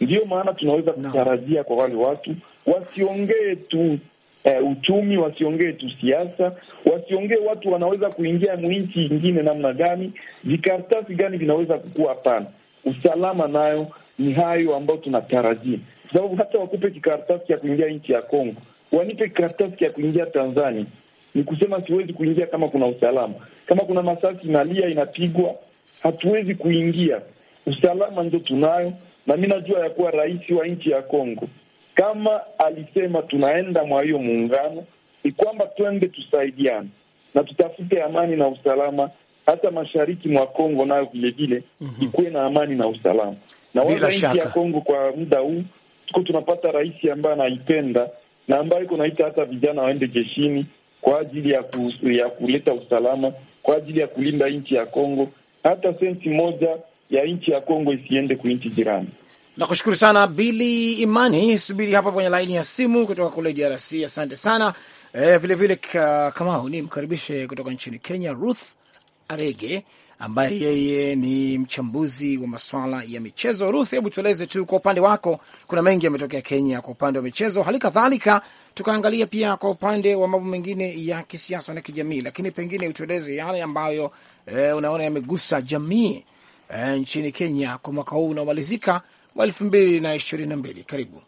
Ndiyo maana tunaweza kutarajia kwa wale watu wasiongee tu eh, uchumi, wasiongee tu siasa, wasiongee watu wanaweza kuingia mwinchi ingine namna gani, vikaratasi gani vinaweza kukua. Hapana, usalama nayo ni hayo ambayo tunatarajia, kwa sababu hata wakupe kikaratasi cha kuingia nchi ya Kongo, wanipe kikaratasi cha kuingia Tanzania, ni kusema siwezi kuingia kama kuna usalama. Kama kuna masasi inalia inapigwa, hatuwezi kuingia. Usalama ndio tunayo, na mi najua ya kuwa rais wa nchi ya Kongo kama alisema tunaenda mwa hiyo muungano, ni kwamba twende tusaidiane na tutafute amani na usalama hata mashariki mwa Kongo nayo vilevile mm -hmm. ikuwe na amani na usalama na wala nchi ya Kongo kwa muda huu tuko tunapata rais ambaye anaipenda na ambayo iko naita hata vijana waende jeshini kwa ajili ya, ku, ya kuleta usalama kwa ajili ya kulinda nchi ya Kongo, hata senti moja ya nchi ya Kongo isiende kwa nchi jirani. Nakushukuru sana Bili Imani, subiri hapa kwenye laini ya simu kutoka kule DRC. Asante sana eh, e, vilevile Kamau ni mkaribishe kutoka nchini Kenya Ruth Arege ambaye yeye ni mchambuzi wa maswala ya michezo. Ruth, hebu tueleze tu kwa upande wako, kuna mengi yametokea Kenya kwa upande wa michezo, hali kadhalika tukaangalia pia kwa upande wa mambo mengine ya kisiasa na kijamii, lakini pengine utueleze yale ambayo eh, unaona yamegusa jamii eh, nchini Kenya kwa mwaka huu unaomalizika wa elfu mbili na ishirini na mbili. Karibu.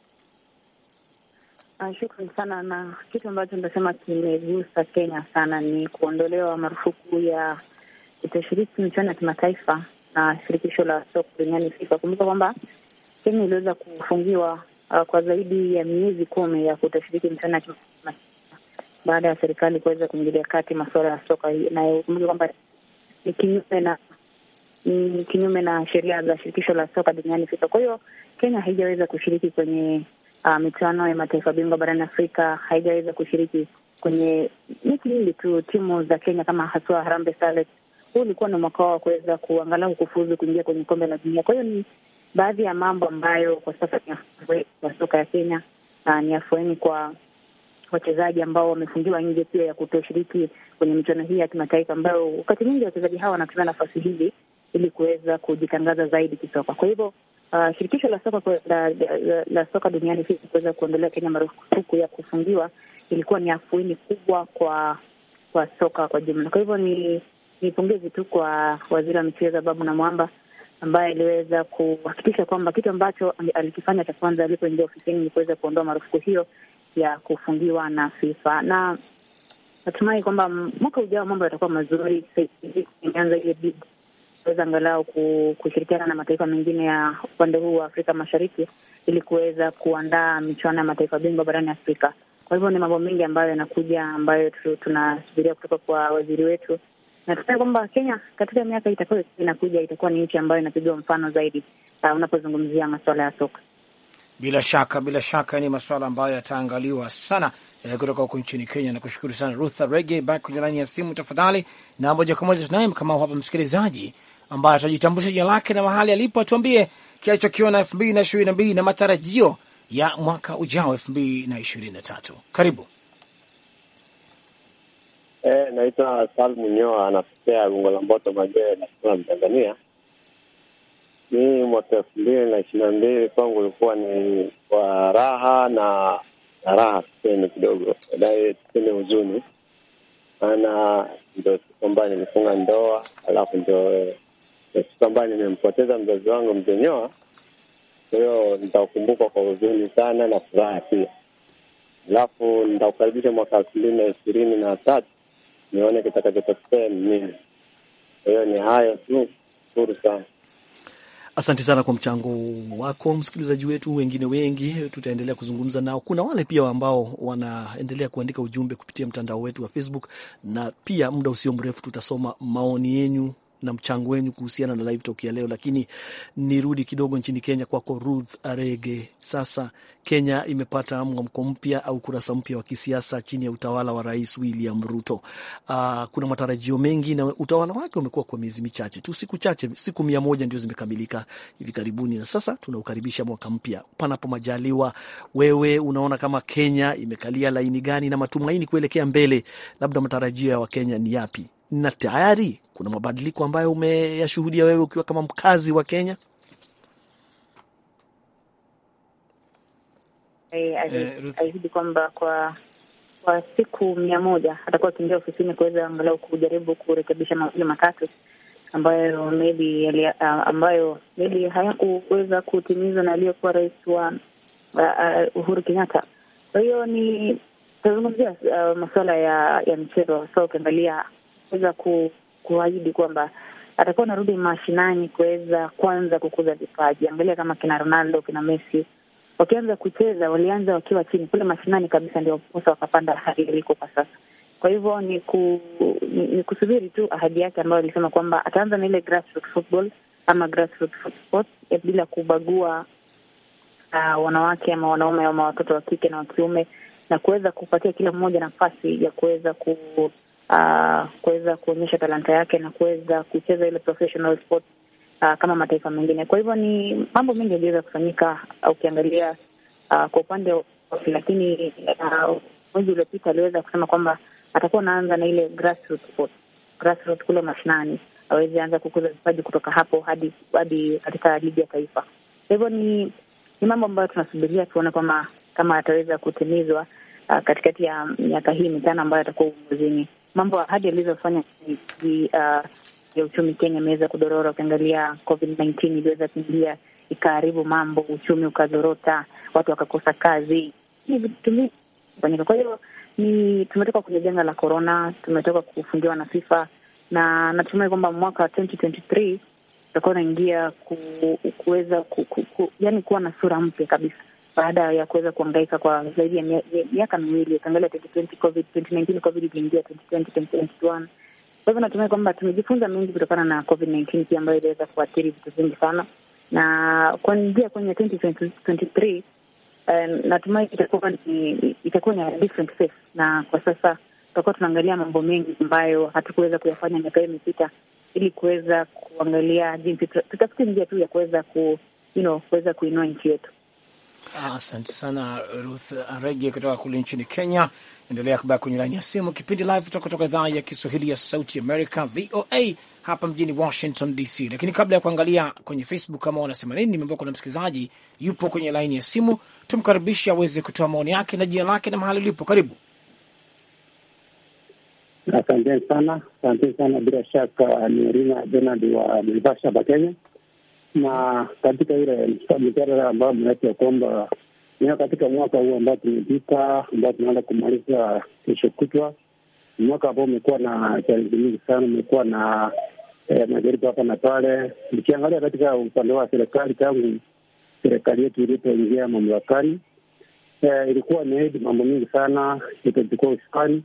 Ah, shukran sana, na kitu ambacho nitasema kimegusa Kenya sana ni kuondolewa marufuku ya kutoshiriki michuano ya kimataifa na shirikisho la soka duniani FIFA. Kumbuka kwamba Kenya iliweza kufungiwa uh, kwa zaidi ya miezi kumi ya kutoshiriki michuano ya kimataifa baada ya serikali kuweza kuingilia kati masuala ya soka, na kumbuka kwamba ni kinyume na ni kinyume na sheria za shirikisho la soka duniani FIFA. Kwa hiyo Kenya haijaweza kushiriki kwenye uh, michuano ya mataifa bingwa barani Afrika, haijaweza kushiriki kwenye mechi nyingi tu. Timu za Kenya kama haswa Harambee Starlets, huu ulikuwa ni mwaka wao wa kuweza kuangalau kufuzu kuingia kwenye kombe la dunia. Kwa hiyo ni baadhi ya mambo ambayo kwa sasa ni afueni kwa soka ya Kenya na ni afueni kwa wachezaji ambao wamefungiwa nje pia ya kutoshiriki kwenye michuano hii ya kimataifa, ambayo wakati mwingi wachezaji hawa wanatumia nafasi hizi ili kuweza kujitangaza zaidi kisoka. Kwa hivyo uh, shirikisho la soka la, la, la soka duniani kuweza kuondolea Kenya marufuku ya kufungiwa ilikuwa ni afueni kubwa kwa kwa soka kwa jumla. Kwa hivyo ni ni pongezi tu kwa waziri wa michezo Babu na Mwamba ambaye aliweza kuhakikisha kwamba kitu ambacho alikifanya cha kwanza alipoingia ofisini ni kuweza kuondoa marufuku hiyo ya kufungiwa na FIFA, na natumai kwamba mwaka ujao mambo yatakuwa mazuri. Imeanza ile kuweza angalau kushirikiana na mataifa mengine ya upande huu wa Afrika Mashariki ili kuweza kuandaa michuano ya mataifa bingwa barani Afrika. Kwa hivyo ni mambo mengi ambayo yanakuja ambayo tunasubiria kutoka kwa waziri wetu, na tunasema kwamba Kenya katika miaka itakayo inakuja itakuwa ni nchi ambayo inapigwa mfano zaidi uh, unapozungumzia masuala ya soka. Bila shaka bila shaka ni masuala ambayo yataangaliwa sana eh, kutoka huko nchini Kenya. Na kushukuru sana Rutha Rege back kwenye laini ya simu tafadhali. Na moja kwa moja tunaye mkamao hapa msikilizaji ambaye atajitambulisha jina lake na mahali alipo, atuambie kile elfu mbili na ishirini na mbili na matarajio ya mwaka ujao elfu mbili na ishirini na tatu. Karibu. E, naitwa Salmu Nyoa, anatokea Gongo la Mboto, Majee, Dar es Tanzania. Mii mwaka elfu mbili na ishirini na mbili kwangu ulikuwa ni kwa raha na na raha tuseme kidogo, baadaye tuseme huzuni, maana ndo kwamba nilifunga ndoa alafu ndo eh, na ambayo nimempoteza mzazi wangu mzenyoa kwahiyo Kwa hiyo nitaukumbuka kwa huzuni sana na furaha pia. Alafu nitaukaribisha mwaka elfu mbili na ishirini na tatu nione kitakachotokea ni nini. Kwa hiyo ni hayo tu, shukuru sana. Asante sana kwa mchango wako msikilizaji wetu. Wengine wengi tutaendelea kuzungumza nao. Kuna wale pia ambao wanaendelea kuandika ujumbe kupitia mtandao wetu wa Facebook, na pia muda usio mrefu tutasoma maoni yenyu na mchango wenu kuhusiana na live talk ya leo, lakini nirudi kidogo nchini Kenya kwako Ruth Arege. Sasa Kenya imepata mwamko mpya au kurasa mpya wa kisiasa chini ya utawala wa Rais William Ruto. Aa, ah, kuna matarajio mengi na utawala wake umekuwa kwa miezi michache tu, siku chache, siku mia moja ndio zimekamilika hivi karibuni, na sasa tunaukaribisha mwaka mpya panapo majaliwa. Wewe unaona kama Kenya imekalia laini gani na matumaini kuelekea mbele, labda matarajio ya Wakenya ni yapi? na tayari kuna mabadiliko ambayo umeyashuhudia wewe ukiwa kama mkazi wa Kenya? Eh, eh, ahidi kwamba kwa kwa siku mia moja atakuwa akiingia ofisini kuweza angalau kujaribu kurekebisha mawili matatu ambayo maybe uh, ambayo maybe hayakuweza kutimizwa na aliyekuwa rais wa uh, Uhuru Kenyatta. Kwa hiyo ni tazungumzia uh, masuala ya ya michezo. So ukiangalia kuweza ku, kuahidi kwamba atakuwa anarudi mashinani kuweza kwanza kukuza vipaji. Angalia kama kina Ronaldo, kina Messi wakianza kucheza walianza wakiwa chini kule mashinani kabisa, ndio posa wakapanda hali iliko kwa sasa. Kwa hivyo ni, ku, ni, ni kusubiri tu ahadi yake ambayo alisema kwamba ataanza na ile grassroots football ama grassroots eh, bila kubagua uh, wanawake ama wanaume ama watoto wa kike na wa kiume na kuweza kupatia kila mmoja nafasi ya kuweza ku uh, kuweza kuonyesha talanta yake na kuweza kucheza ile professional sport uh, kama mataifa mengine. Kwa hivyo ni mambo mengi yaliweza kufanyika uh, ukiangalia uh, kwa upande wa, lakini uh, mwezi uliopita aliweza kusema kwamba atakuwa anaanza na ile grassroots sport, grassroots kule mashinani aweze anza kukuza vipaji kutoka hapo hadi hadi katika ligi ya taifa. Kwa hivyo ni ni mambo ambayo tunasubiria tuone kama kama ataweza kutimizwa uh, katikati ya miaka hii mitano ambayo atakuwa uongozini mambo ahadi alizofanya uh, ya uchumi Kenya imeweza kudorora. Ukiangalia Covid 19 iliweza kuingia ikaharibu mambo, uchumi ukazorota, watu wakakosa kazi, ni vitu Kwa hiyo ni tumetoka kwenye janga la corona, tumetoka kufungiwa na FIFA na natumai kwamba mwaka wa 2023 tutakuwa unaingia kuweza ku, ku, ku, yani kuwa na sura mpya kabisa baada ya kuweza kuangaika kwa zaidi ya miaka miwili, ukiangalia 2020 COVID, 2019 COVID iliingia 2020, 2021. Kwa hivyo natumai kwamba tumejifunza mengi kutokana na COVID-19 pia ambayo iliweza kuathiri vitu vingi sana, na kuanzia kwenye 2023 um, eh, natumai itakuwa ni itakuwa ni different phase, na kwa sasa tutakuwa tunaangalia mambo mengi ambayo hatukuweza kuyafanya miaka hiyo imepita, ili kuweza kuangalia jinsi tutafuti njia tu ya kuweza ku you know, kuweza kuinua nchi yetu. Asante sana Ruth Arege kutoka kule nchini Kenya. Endelea kubaki kwenye laini ya simu, kipindi Live Talk kutoka idhaa ya Kiswahili ya Sauti Amerika, VOA, hapa mjini Washington DC. Lakini kabla ya kuangalia kwenye Facebook kama wanasema nini, nimeambiwa kuna msikilizaji yupo kwenye laini ya simu, tumkaribishe aweze kutoa maoni yake na jina lake na mahali ulipo. Karibu. Asanteni sana, asanteni sana. Bila shaka ni Rina Donald wa Mombasa, Kenya na katika ile mjadala ambayo mnaita kwamba niyo katika mwaka huu ambao tumepita, ambao tunaenda kumaliza kesho kutwa, mwaka ambao umekuwa na challenge nyingi sana, umekuwa na eh, majaribu hapa na pale. Nikiangalia katika upande wa serikali, tangu serikali yetu ilipoingia mamlakani, eh, ilikuwa imeahidi mambo mingi sana, itachukua usukani,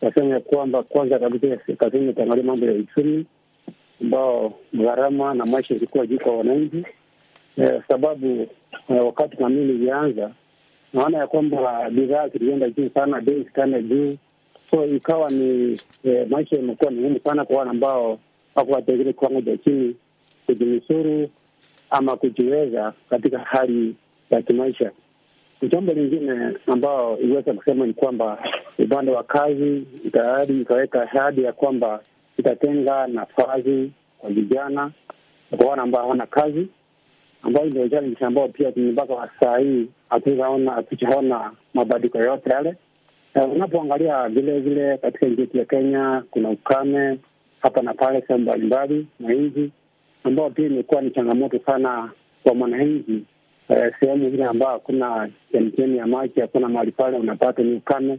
kasema ya kwamba kwanza kabisa, kasema itaangalia mambo ya uchumi ambao gharama na maisha ilikuwa juu kwa wananchi eh, sababu eh, wakati nami ilianza, naona ya kwamba bidhaa zilienda juu sana, bei zikaenda juu, so ikawa ni eh, maisha imekuwa muhimu sana kwa wale ambao wako katika kile kiwango cha chini kujinusuru ama kujiweza katika hali ya kimaisha. Jambo lingine ambao iliweza kusema ni kwamba upande wa kazi tayari ikaweka ahadi ya kwamba itatenga nafasi kwa vijana kwa wale ambao hawana kazi, ambayo ndio challenge ambao pia mpaka saa hii hatujaona mabadiliko yote yale. Unapoangalia vile vile katika nchi yetu ya Kenya kuna ukame hapa na pale sehemu mbalimbali na nchi ambao pia imekuwa ni changamoto sana kwa mwananchi eh, sehemu zile ambao hakuna chemchemi ya maji, hakuna mahali pale, unapata ni ukame,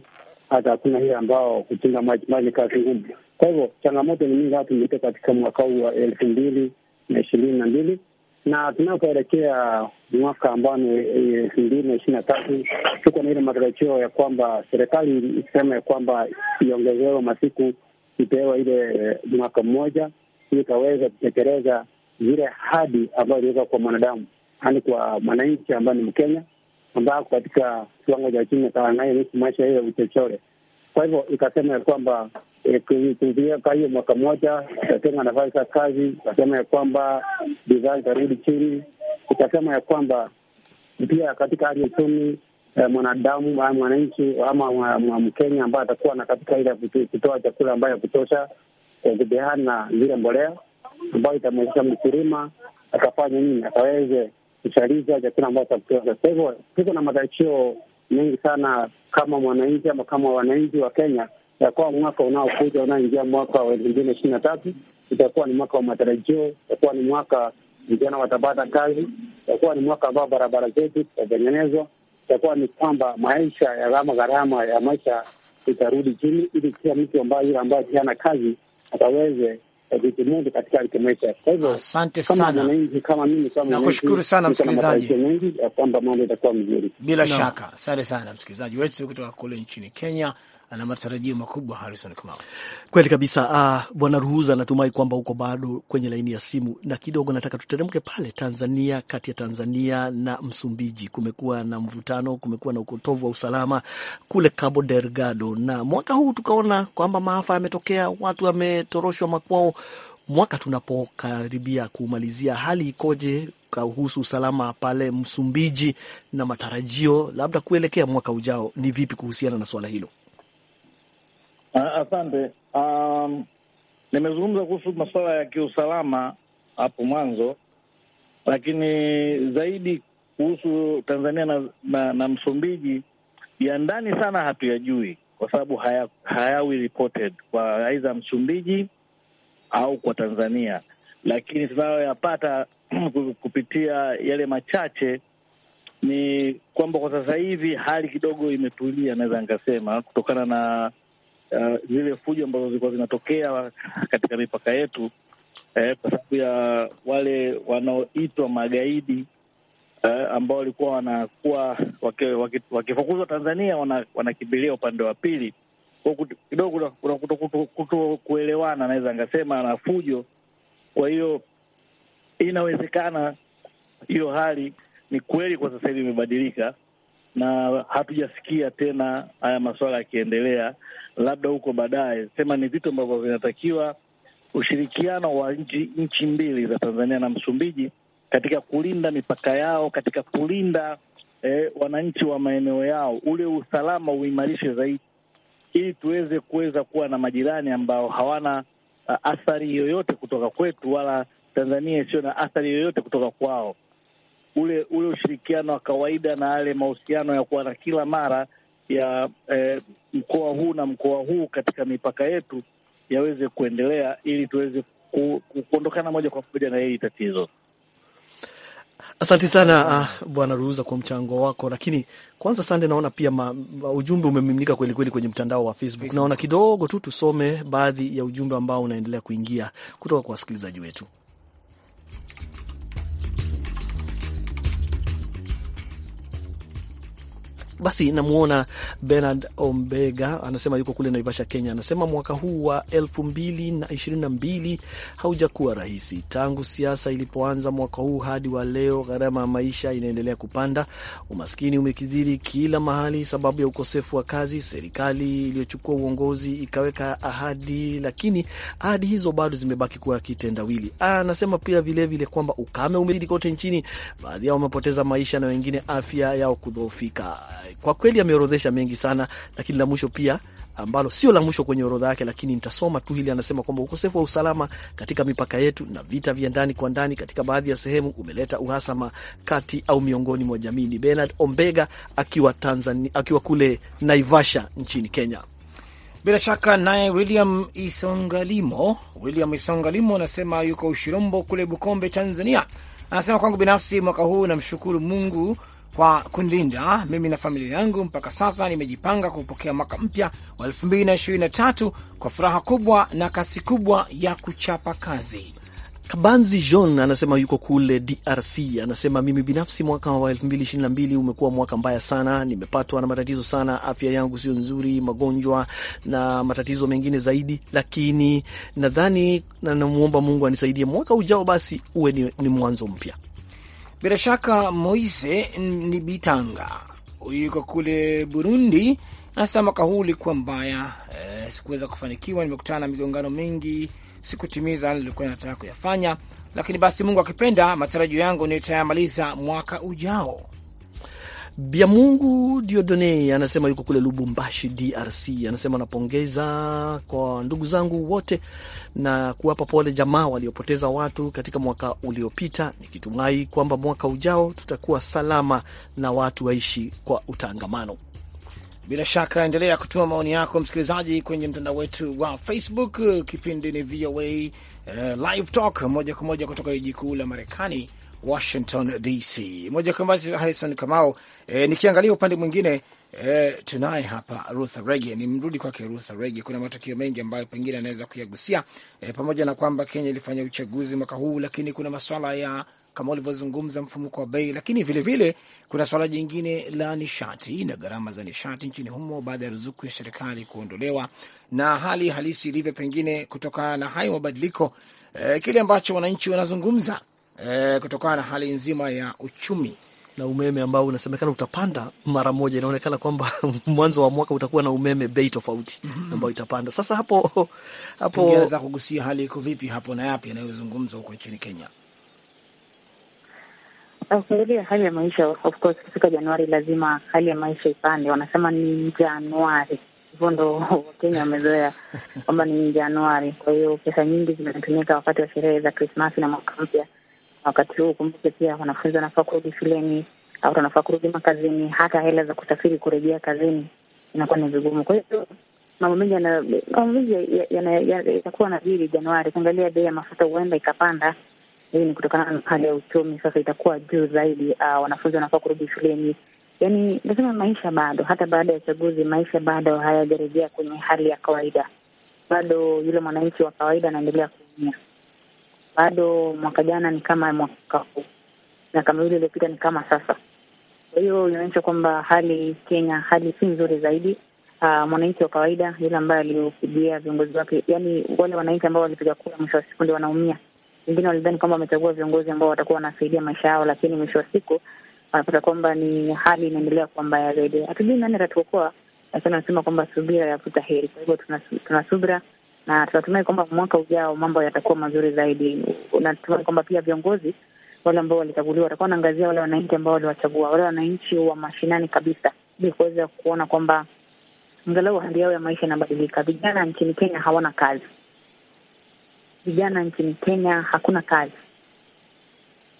hata hakuna ile ambao kuchinga maji, maji kazi ngumu. Kwa hivyo changamoto ni nyingi tumeita katika mwaka huu wa elfu mbili na ishirini na mbili na tunapoelekea mwaka ambao ni elfu mbili na ishirini na tatu tuko na ile matarajio ya kwamba serikali ikisema ya kwamba iongezewe masiku, ipewa ile mwaka mmoja, hiyo ikaweza kutekeleza zile hadi ambayo iliweza kwa mwanadamu, yaani kwa mwananchi ambaye ni Mkenya ambako katika kiwango cha chini naye nusu maisha hiyo uchochole kwa hivyo ikasema ya kwamba eh, kwa hiyo mwaka mmoja, ikatenga nafasi ya kazi, ikasema ya kwamba bidhaa itarudi chini, ikasema ya kwamba pia katika hali ya uchumi eh, mwanadamu ama eh, mwananchi ama Mkenya ambaye atakuwa na katika ile kutoa chakula ambayo ya kutosha kudehana na zile mbolea ambayo itamwezesha mkulima akafanya nini, akaweze kushaliza chakula ambayo cha kutosha. Kwa hivyo tuko na matarajio mengi sana kama mwananchi ama kama wananchi wa Kenya ya kuwa mwaka unaokuja unaoingia mwaka wa elfu mbili na ishirini na tatu itakuwa ni mwaka wa matarajio, itakuwa ni mwaka vijana watapata kazi, itakuwa ni mwaka ambao barabara zetu zitatengenezwa, itakuwa ni kwamba maisha ya gharama gharama ya maisha itarudi chini, ili kila mtu ambaye ambaye hana kazi ataweze vitu mingi katika maisha. Kwa hivyo, asante sana mwananchi kama mimi, kama nakushukuru sana msikilizaji mengi ya kwamba mambo mzuri bila shaka. Asante sana msikilizaji wetu kutoka kule nchini Kenya ana matarajio makubwa Harrison Kamau. Kweli kabisa. Uh, Bwana Ruhuza, natumai kwamba uko bado kwenye laini ya simu, na kidogo nataka tuteremke pale Tanzania. Kati ya Tanzania na Msumbiji kumekuwa na mvutano, kumekuwa na ukotovu wa usalama kule Cabo Delgado, na mwaka huu tukaona kwamba maafa yametokea, watu wametoroshwa makwao. Mwaka tunapokaribia kumalizia, hali ikoje kuhusu usalama pale Msumbiji, na matarajio labda kuelekea mwaka ujao ni vipi kuhusiana na swala hilo? Asante. Um, nimezungumza kuhusu masuala ya kiusalama hapo mwanzo, lakini zaidi kuhusu Tanzania na, na, na Msumbiji ya ndani sana hatuyajui kwa sababu haya, hayawi reported kwa aidha Msumbiji au kwa Tanzania, lakini tunayoyapata kupitia yale machache ni kwamba kwa sasa hivi hali kidogo imetulia, naweza nikasema kutokana na uh, zile fujo ambazo zilikuwa zinatokea katika mipaka yetu eh, kwa sababu ya wale wanaoitwa magaidi eh, ambao walikuwa wanakuwa wakifukuzwa Tanzania wanakimbilia wana upande wa pili kidogo kuna kuto kuelewana, naweza ngasema na fujo. Kwa hiyo inawezekana hiyo hali ni kweli kwa sasa hivi imebadilika, na hatujasikia tena haya masuala yakiendelea, labda huko baadaye. Sema ni vitu ambavyo vinatakiwa ushirikiano wa nchi nchi mbili za Tanzania na Msumbiji katika kulinda mipaka yao, katika kulinda eh, wananchi wa maeneo yao, ule usalama uimarishe zaidi, ili tuweze kuweza kuwa na majirani ambao hawana uh, athari yoyote kutoka kwetu, wala Tanzania isiyo na athari yoyote kutoka kwao ule ule ushirikiano wa kawaida na yale mahusiano ya kuwa na kila mara ya eh, mkoa huu na mkoa huu katika mipaka yetu yaweze kuendelea ili tuweze ku, kuondokana moja kwa moja na hili tatizo. Asante sana uh, Bwana Ruuza kwa mchango wako, lakini kwanza sande, naona pia ma, ma, ujumbe umemiminika kweli kweli kwenye mtandao wa Facebook. Naona kidogo tu tusome baadhi ya ujumbe ambao unaendelea kuingia kutoka kwa wasikilizaji wetu. Basi namwona Bernard Ombega anasema yuko kule Naivasha, Kenya. Anasema mwaka huu wa elfu mbili na ishirini na mbili haujakuwa rahisi. Tangu siasa ilipoanza mwaka huu hadi wa leo, gharama ya maisha inaendelea kupanda, umaskini umekidhiri kila mahali sababu ya ukosefu wa kazi. Serikali iliyochukua uongozi ikaweka ahadi, lakini ahadi hizo bado zimebaki kuwa kitendawili. Anasema pia vilevile vile kwamba ukame umezidi kote nchini, baadhi yao wamepoteza maisha na wengine afya yao kudhoofika kwa kweli ameorodhesha mengi sana, lakini la mwisho pia ambalo sio la mwisho kwenye orodha yake, lakini nitasoma tu hili. Anasema kwamba ukosefu wa usalama katika mipaka yetu na vita vya ndani kwa ndani katika baadhi ya sehemu umeleta uhasama kati au miongoni mwa jamii. Ni Bernard Ombega akiwa Tanzania, akiwa kule Naivasha nchini Kenya. Bila shaka naye William Isongalimo, William Isongalimo anasema yuko Ushirombo kule Bukombe, Tanzania. Anasema kwangu binafsi, mwaka huu namshukuru Mungu kwa kunilinda ah, mimi na familia yangu. Mpaka sasa nimejipanga kupokea mwaka mpya wa 223 kwa furaha kubwa na kasi kubwa ya kuchapa kazi. Kabanzi John anasema yuko kule DRC. Anasema mimi binafsi mwaka wa 2022 umekuwa mwaka mbaya sana, nimepatwa na matatizo sana, afya yangu sio nzuri, magonjwa na matatizo mengine zaidi, lakini nadhani na Mungu anisaidie mwaka ujao basi uwe ni, ni mwanzo mpya. Bila shaka Moise Nibitanga huyu yuko kule Burundi, hasa mwaka huu ulikuwa mbaya e, sikuweza kufanikiwa, nimekutana na migongano mingi, sikutimiza nilikuwa nataka kuyafanya, lakini basi Mungu akipenda, matarajio yangu nitayamaliza mwaka ujao. Bia Mungu Diodone anasema yuko kule Lubumbashi, DRC. Anasema anapongeza kwa ndugu zangu wote na kuwapa pole jamaa waliopoteza watu katika mwaka uliopita, nikitumai kwamba mwaka ujao tutakuwa salama na watu waishi kwa utangamano. Bila shaka endelea kutuma maoni yako msikilizaji, kwenye mtandao wetu wa Facebook. Kipindi ni VOA uh, eh, Live Talk moja kwa moja kutoka jiji kuu la Marekani, Washington DC. Moja kwa moja Harrison Kamau. E, nikiangalia upande mwingine e, tunaye hapa Ruth Rege, nimrudi kwake Ruth Rege. Kuna matukio mengi ambayo pengine anaweza kuyagusia e, pamoja na kwamba Kenya ilifanya uchaguzi mwaka huu, lakini kuna maswala ya kama ulivyozungumza mfumuko wa bei, lakini vilevile vile, kuna swala jingine la nishati na gharama za nishati nchini humo baada ya ruzuku ya serikali kuondolewa na hali halisi ilivyo, pengine kutokana na hayo mabadiliko e, kile ambacho wananchi wanazungumza e, kutokana na hali nzima ya uchumi na umeme ambao unasemekana utapanda mara moja. Inaonekana kwamba mwanzo wa mwaka utakuwa na umeme bei tofauti mhm. ambayo itapanda. Sasa hapo hapo, ungeweza kugusia hali iko vipi hapo na yapi yanayozungumzwa huko nchini Kenya? Ah, Ukiangalia hali ya maisha, of course, kufika Januari lazima hali ya maisha ipande. Wanasema ni Januari, hivyo ndo Wakenya wamezoea kwamba ni Januari. Kwa hiyo pesa nyingi zinatumika wakati wa sherehe za Krismasi na mwaka mpya wakati huu. Kumbuke pia wanafunzi wanafaa kurudi shuleni au wanafaa kurudi makazini, hata hela za kusafiri kurejea kazini inakuwa ni vigumu. Kwa hiyo mambo mengi mambo mengi yatakuwa na jiri Januari. Ukiangalia bei ya mafuta huenda ikapanda. Hii ni kutokana na hali ya uchumi, sasa itakuwa juu zaidi. Uh, wanafunzi wanafaa kurudi shuleni. Yani nasema maisha bado, hata baada ya uchaguzi, maisha bado hayajarejea kwenye hali ya kawaida. Bado yule mwananchi wa kawaida anaendelea kuumia bado mwaka jana ni kama mwaka huu, miaka miwili iliyopita ni kama sasa. Kwa hiyo inaonyesha kwamba hali Kenya, hali si nzuri zaidi. Uh, mwananchi wa kawaida yule ambaye aliopigia viongozi wake, yani wale wananchi ambao walipiga kura, mwisho wa siku ndio wanaumia. Wengine walidhani kwamba wamechagua viongozi ambao watakuwa wanasaidia maisha yao, lakini mwisho wa siku wanapata kwamba ni hali inaendelea kuwa mbaya zaidi. Hatujui nani atatuokoa, lakini wanasema kwamba subira yavuta heri. Kwa hivyo tuna, tuna subira na tunatumai kwamba mwaka ujao mambo yatakuwa mazuri zaidi. Natumai kwamba pia viongozi wale ambao walichaguliwa watakuwa wanaangazia wale wananchi ambao waliwachagua, wale wananchi wa mashinani kabisa, ili kuweza kuona kwamba angalau hali yao ya maisha inabadilika. Vijana nchini Kenya hawana kazi, vijana nchini Kenya hakuna kazi,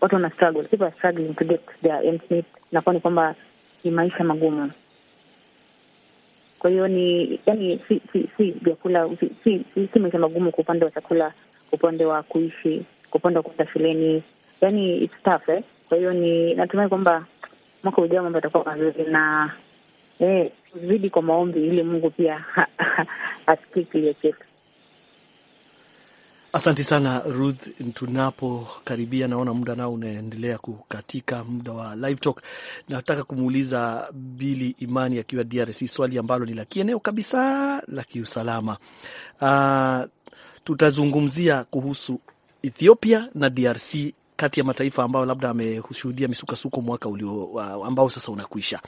watu wana struggle, people are struggling to get their ends meet. kwamba ni maisha magumu. Kwa hiyo ni yani, si si si vyakula si, si, si, si maisha magumu kwa upande wa chakula, kwa upande wa kuishi, kwa upande wa kuenda shuleni, yani it's tough eh. Kwa hiyo ni natumai kwamba mwaka ujao mambo yatakuwa mazuri na eh, tuzidi kwa maombi ili Mungu pia asikie kilio chetu. Asante sana Ruth, tunapokaribia naona muda nao unaendelea kukatika, muda wa live talk. Nataka kumuuliza Bili Imani akiwa DRC swali ambalo ni la kieneo kabisa la kiusalama. Uh, tutazungumzia kuhusu Ethiopia na DRC kati ya mataifa ambayo labda ameshuhudia misukasuko mwaka ulio ambao sasa unakwisha.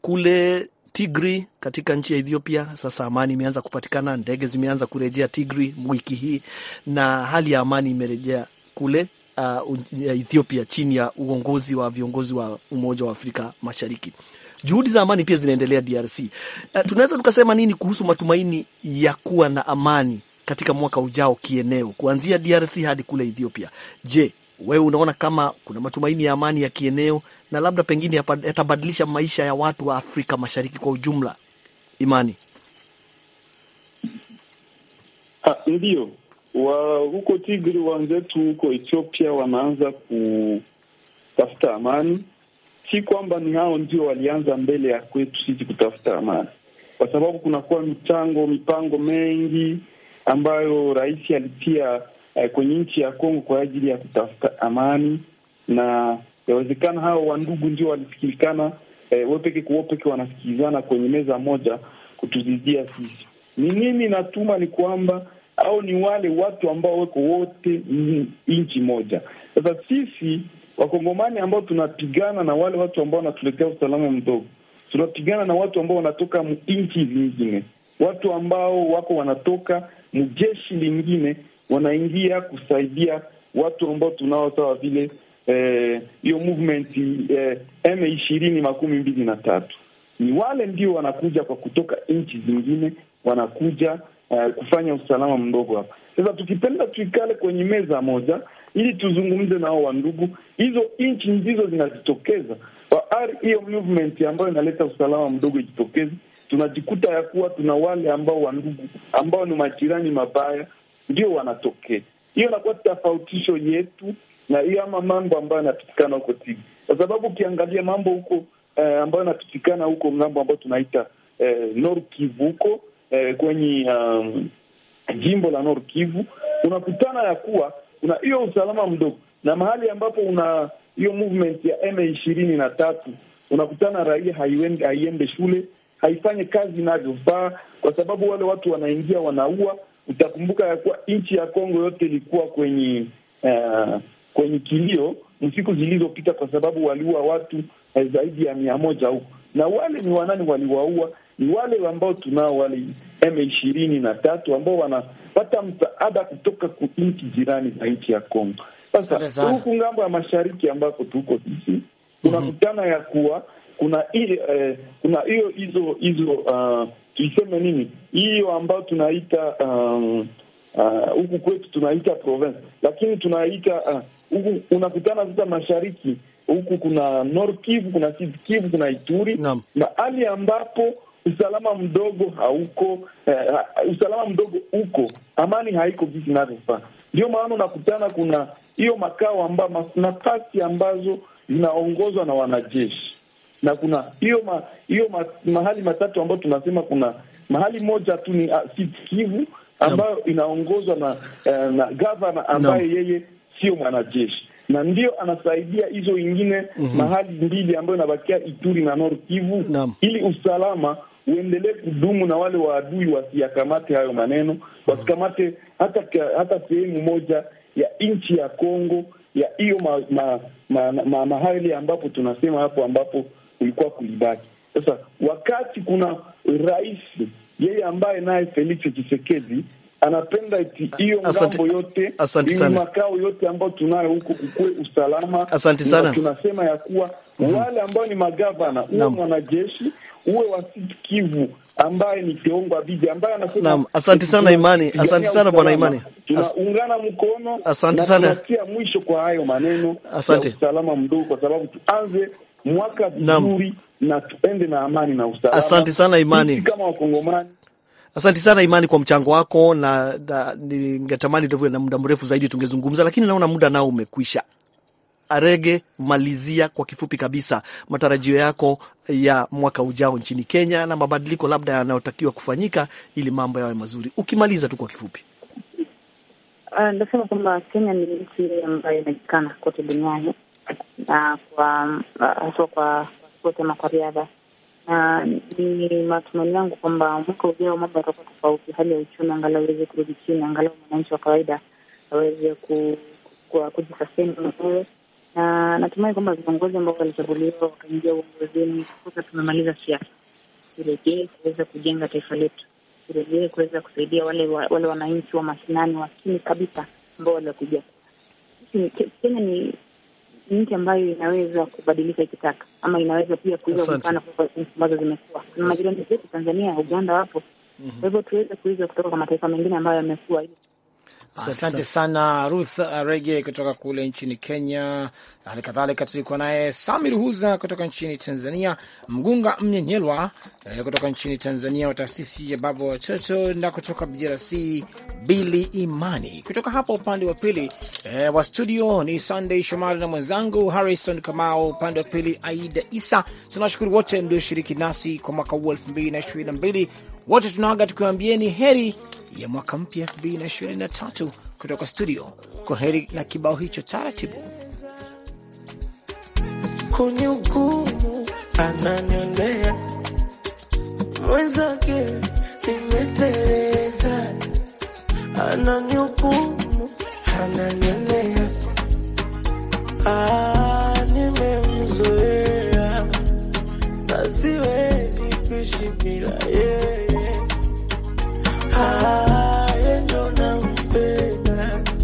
Kule Tigri katika nchi ya Ethiopia. Sasa amani imeanza kupatikana, ndege zimeanza kurejea Tigri wiki hii na hali ya amani imerejea kule uh, Ethiopia chini ya uongozi wa viongozi wa Umoja wa Afrika Mashariki. Juhudi za amani pia zinaendelea DRC. Uh, tunaweza tukasema nini kuhusu matumaini ya kuwa na amani katika mwaka ujao kieneo, kuanzia DRC hadi kule Ethiopia? Je, wewe unaona kama kuna matumaini ya amani ya kieneo na labda pengine yatabadilisha maisha ya watu wa Afrika Mashariki kwa ujumla, Imani? Ah, ndio ndiyo wa huko Tigri wenzetu huko Ethiopia wanaanza kutafuta amani. Si kwamba ni hao ndio walianza mbele ya kwetu sisi kutafuta amani, kwa sababu kunakuwa michango mipango mengi ambayo rais alitia eh, kwenye nchi ya Kongo kwa ajili ya kutafuta amani, na yawezekana hao wandugu ndio walisikilikana eh, wepeke kwa wanasikilizana kwenye meza moja kutuzidia sisi. Ni nini natuma ni kwamba au ni wale watu ambao weko wote nchi moja. Sasa sisi wakongomani ambao tunapigana na wale watu ambao wanatuletea usalama mdogo, tunapigana na watu ambao wanatoka nchi zingine, watu ambao wako wanatoka mjeshi lingine wanaingia kusaidia watu ambao tunao sawa vile eh, hiyo eh, movement eh, M ishirini makumi mbili na tatu ni wale ndio wanakuja kwa kutoka nchi zingine wanakuja eh, kufanya usalama mdogo hapa. Sasa tukipenda tuikale kwenye meza moja ili tuzungumze nao wandugu, hizo nchi ndizo zinajitokeza hiyo movement ambayo inaleta usalama mdogo ijitokeze, tunajikuta ya kuwa tuna wale ambao wandugu ambao ni majirani mabaya ndio wanatokea. Hiyo inakuwa tofautisho yetu na hiyo ama mambo ambayo yanapitikana huko Tibi, kwa sababu ukiangalia mambo huko eh, ambayo yanapitikana huko ngambo ambayo tunaita eh, Nord Kivu huko eh, kwenye um, jimbo la Nord Kivu unakutana ya kuwa kuna hiyo usalama mdogo, na mahali ambapo una hiyo movement ya M ishirini na tatu unakutana raia haiende, haiende shule haifanye kazi inavyofaa, kwa sababu wale watu wanaingia wanaua Utakumbuka ya kuwa nchi ya Kongo yote ilikuwa kwenye uh, kwenye kilio msiku zilizopita, kwa sababu waliua watu eh, zaidi ya mia moja huko, na wale ni wanani waliwaua? Ni wale ambao tunao wale M ishirini na tatu ambao wanapata msaada kutoka ku nchi jirani za nchi ya Kongo. Sasa huku ngambo ya mashariki ambako tuko sisi tunakutana mhm. mm -hmm. ya kuwa kuna ile eh, kuna hiyo hizo hizo uh, tuiseme nini hiyo ambayo tunaita um, uh, huku uh, kwetu tunaita province, lakini tunaita uh, huku uh, unakutana sasa mashariki huku kuna Nord Kivu, kuna Sud Kivu, kuna Ituri na hali ambapo usalama mdogo hauko uh, usalama mdogo uko, amani haiko visi inavyofaa. Ndio maana unakutana kuna hiyo makao ambao nafasi ambazo zinaongozwa na wanajeshi na kuna hiyo ma, hiyo ma, mahali matatu ambayo tunasema kuna mahali moja tu ni ah, Sud Kivu ambayo no. inaongozwa na, uh, na gavana ambaye no. yeye sio mwanajeshi na ndio anasaidia hizo ingine mm -hmm. mahali mbili ambayo inabakia Ituri na Nord Kivu no. ili usalama uendelee kudumu na wale waadui wasiyakamate hayo maneno, mhm. wasikamate hata hata sehemu moja ya nchi ya Kongo ya hiyo ma, ma, ma, ma, mahali ambapo tunasema hapo ambapo kulikuwa kulibaki. Sasa wakati kuna rais yeye ambaye naye Felix Tshisekedi anapenda eti hiyo ngambo yote ni makao yote ambayo tunayo huko kukue usalama. Asante sana. Tunasema ya kuwa mm -hmm. wale ambao ni magavana huwe mwanajeshi uwe wasikivu Kivu ambaye ni Kiongo Abidi ambaye anasema naam. Asante sana Imani, asante sana bwana Imani, tunaungana mkono. Asante sana, tunatia mwisho kwa hayo maneno. Asante usalama mdogo, kwa sababu tuanze mwaka vizuri na tuende na amani na usalama. Asante sana Imani, kama Wakongomani. Asante sana Imani kwa mchango wako, na ningetamani tuvue na muda mrefu zaidi tungezungumza, lakini naona muda nao umekwisha. Arege, malizia kwa kifupi kabisa matarajio yako ya mwaka ujao nchini Kenya na mabadiliko labda yanayotakiwa kufanyika ili mambo yawe mazuri, ukimaliza tu kwa kifupi. Uh, ndasema kwamba Kenya ni nchi ambayo inajulikana kote duniani na kwa haswa kwa kwa riadha, na ni matumaini yangu kwamba mwaka ujao mambo yatakuwa tofauti, hali ya uchumi angalau iweze kurudi chini, angalau mwananchi wa kawaida aweze kujisasini mwenyewe, na natumai kwamba viongozi ambao walichaguliwa wakaingia uongozini, sasa tumemaliza siasa, turejee kuweza kujenga taifa letu, turejee kuweza kusaidia wale wale wananchi wa mashinani wa chini kabisa ambao waliokuja Kenya. Ni nchi ambayo inaweza kubadilika ikitaka, ama inaweza pia kuiga mfano ambazo zimekuwa na majirani zetu Tanzania, Uganda wapo. Mhm. Kwa hivyo tuweze kuiga kutoka kwa mataifa mengine ambayo yamekuwa ili Asante sana Ruth Arege uh, kutoka kule nchini Kenya. Hali kadhalika tulikuwa naye Samir Huza kutoka nchini Tanzania, Mgunga Mnyenyelwa eh, kutoka nchini Tanzania wa taasisi ya Baba Watoto, na kutoka BRC Bili Imani. Kutoka hapa upande wa pili eh, wa studio ni Sunday Shomari na mwenzangu Harrison Kamao, upande wa pili Aida Isa. Tunawashukuru wote mlioshiriki nasi kwa mwaka huu elfu mbili na ishirini na mbili wote tunaaga tukiwaambieni heri ya mwaka mpya 223 kutoka studio. Kwa heri na kibao hicho taratibu kunihukumu mwenzake, nimeteleza ah, nimemzoea na siwezi kuishi bila yeye. ah.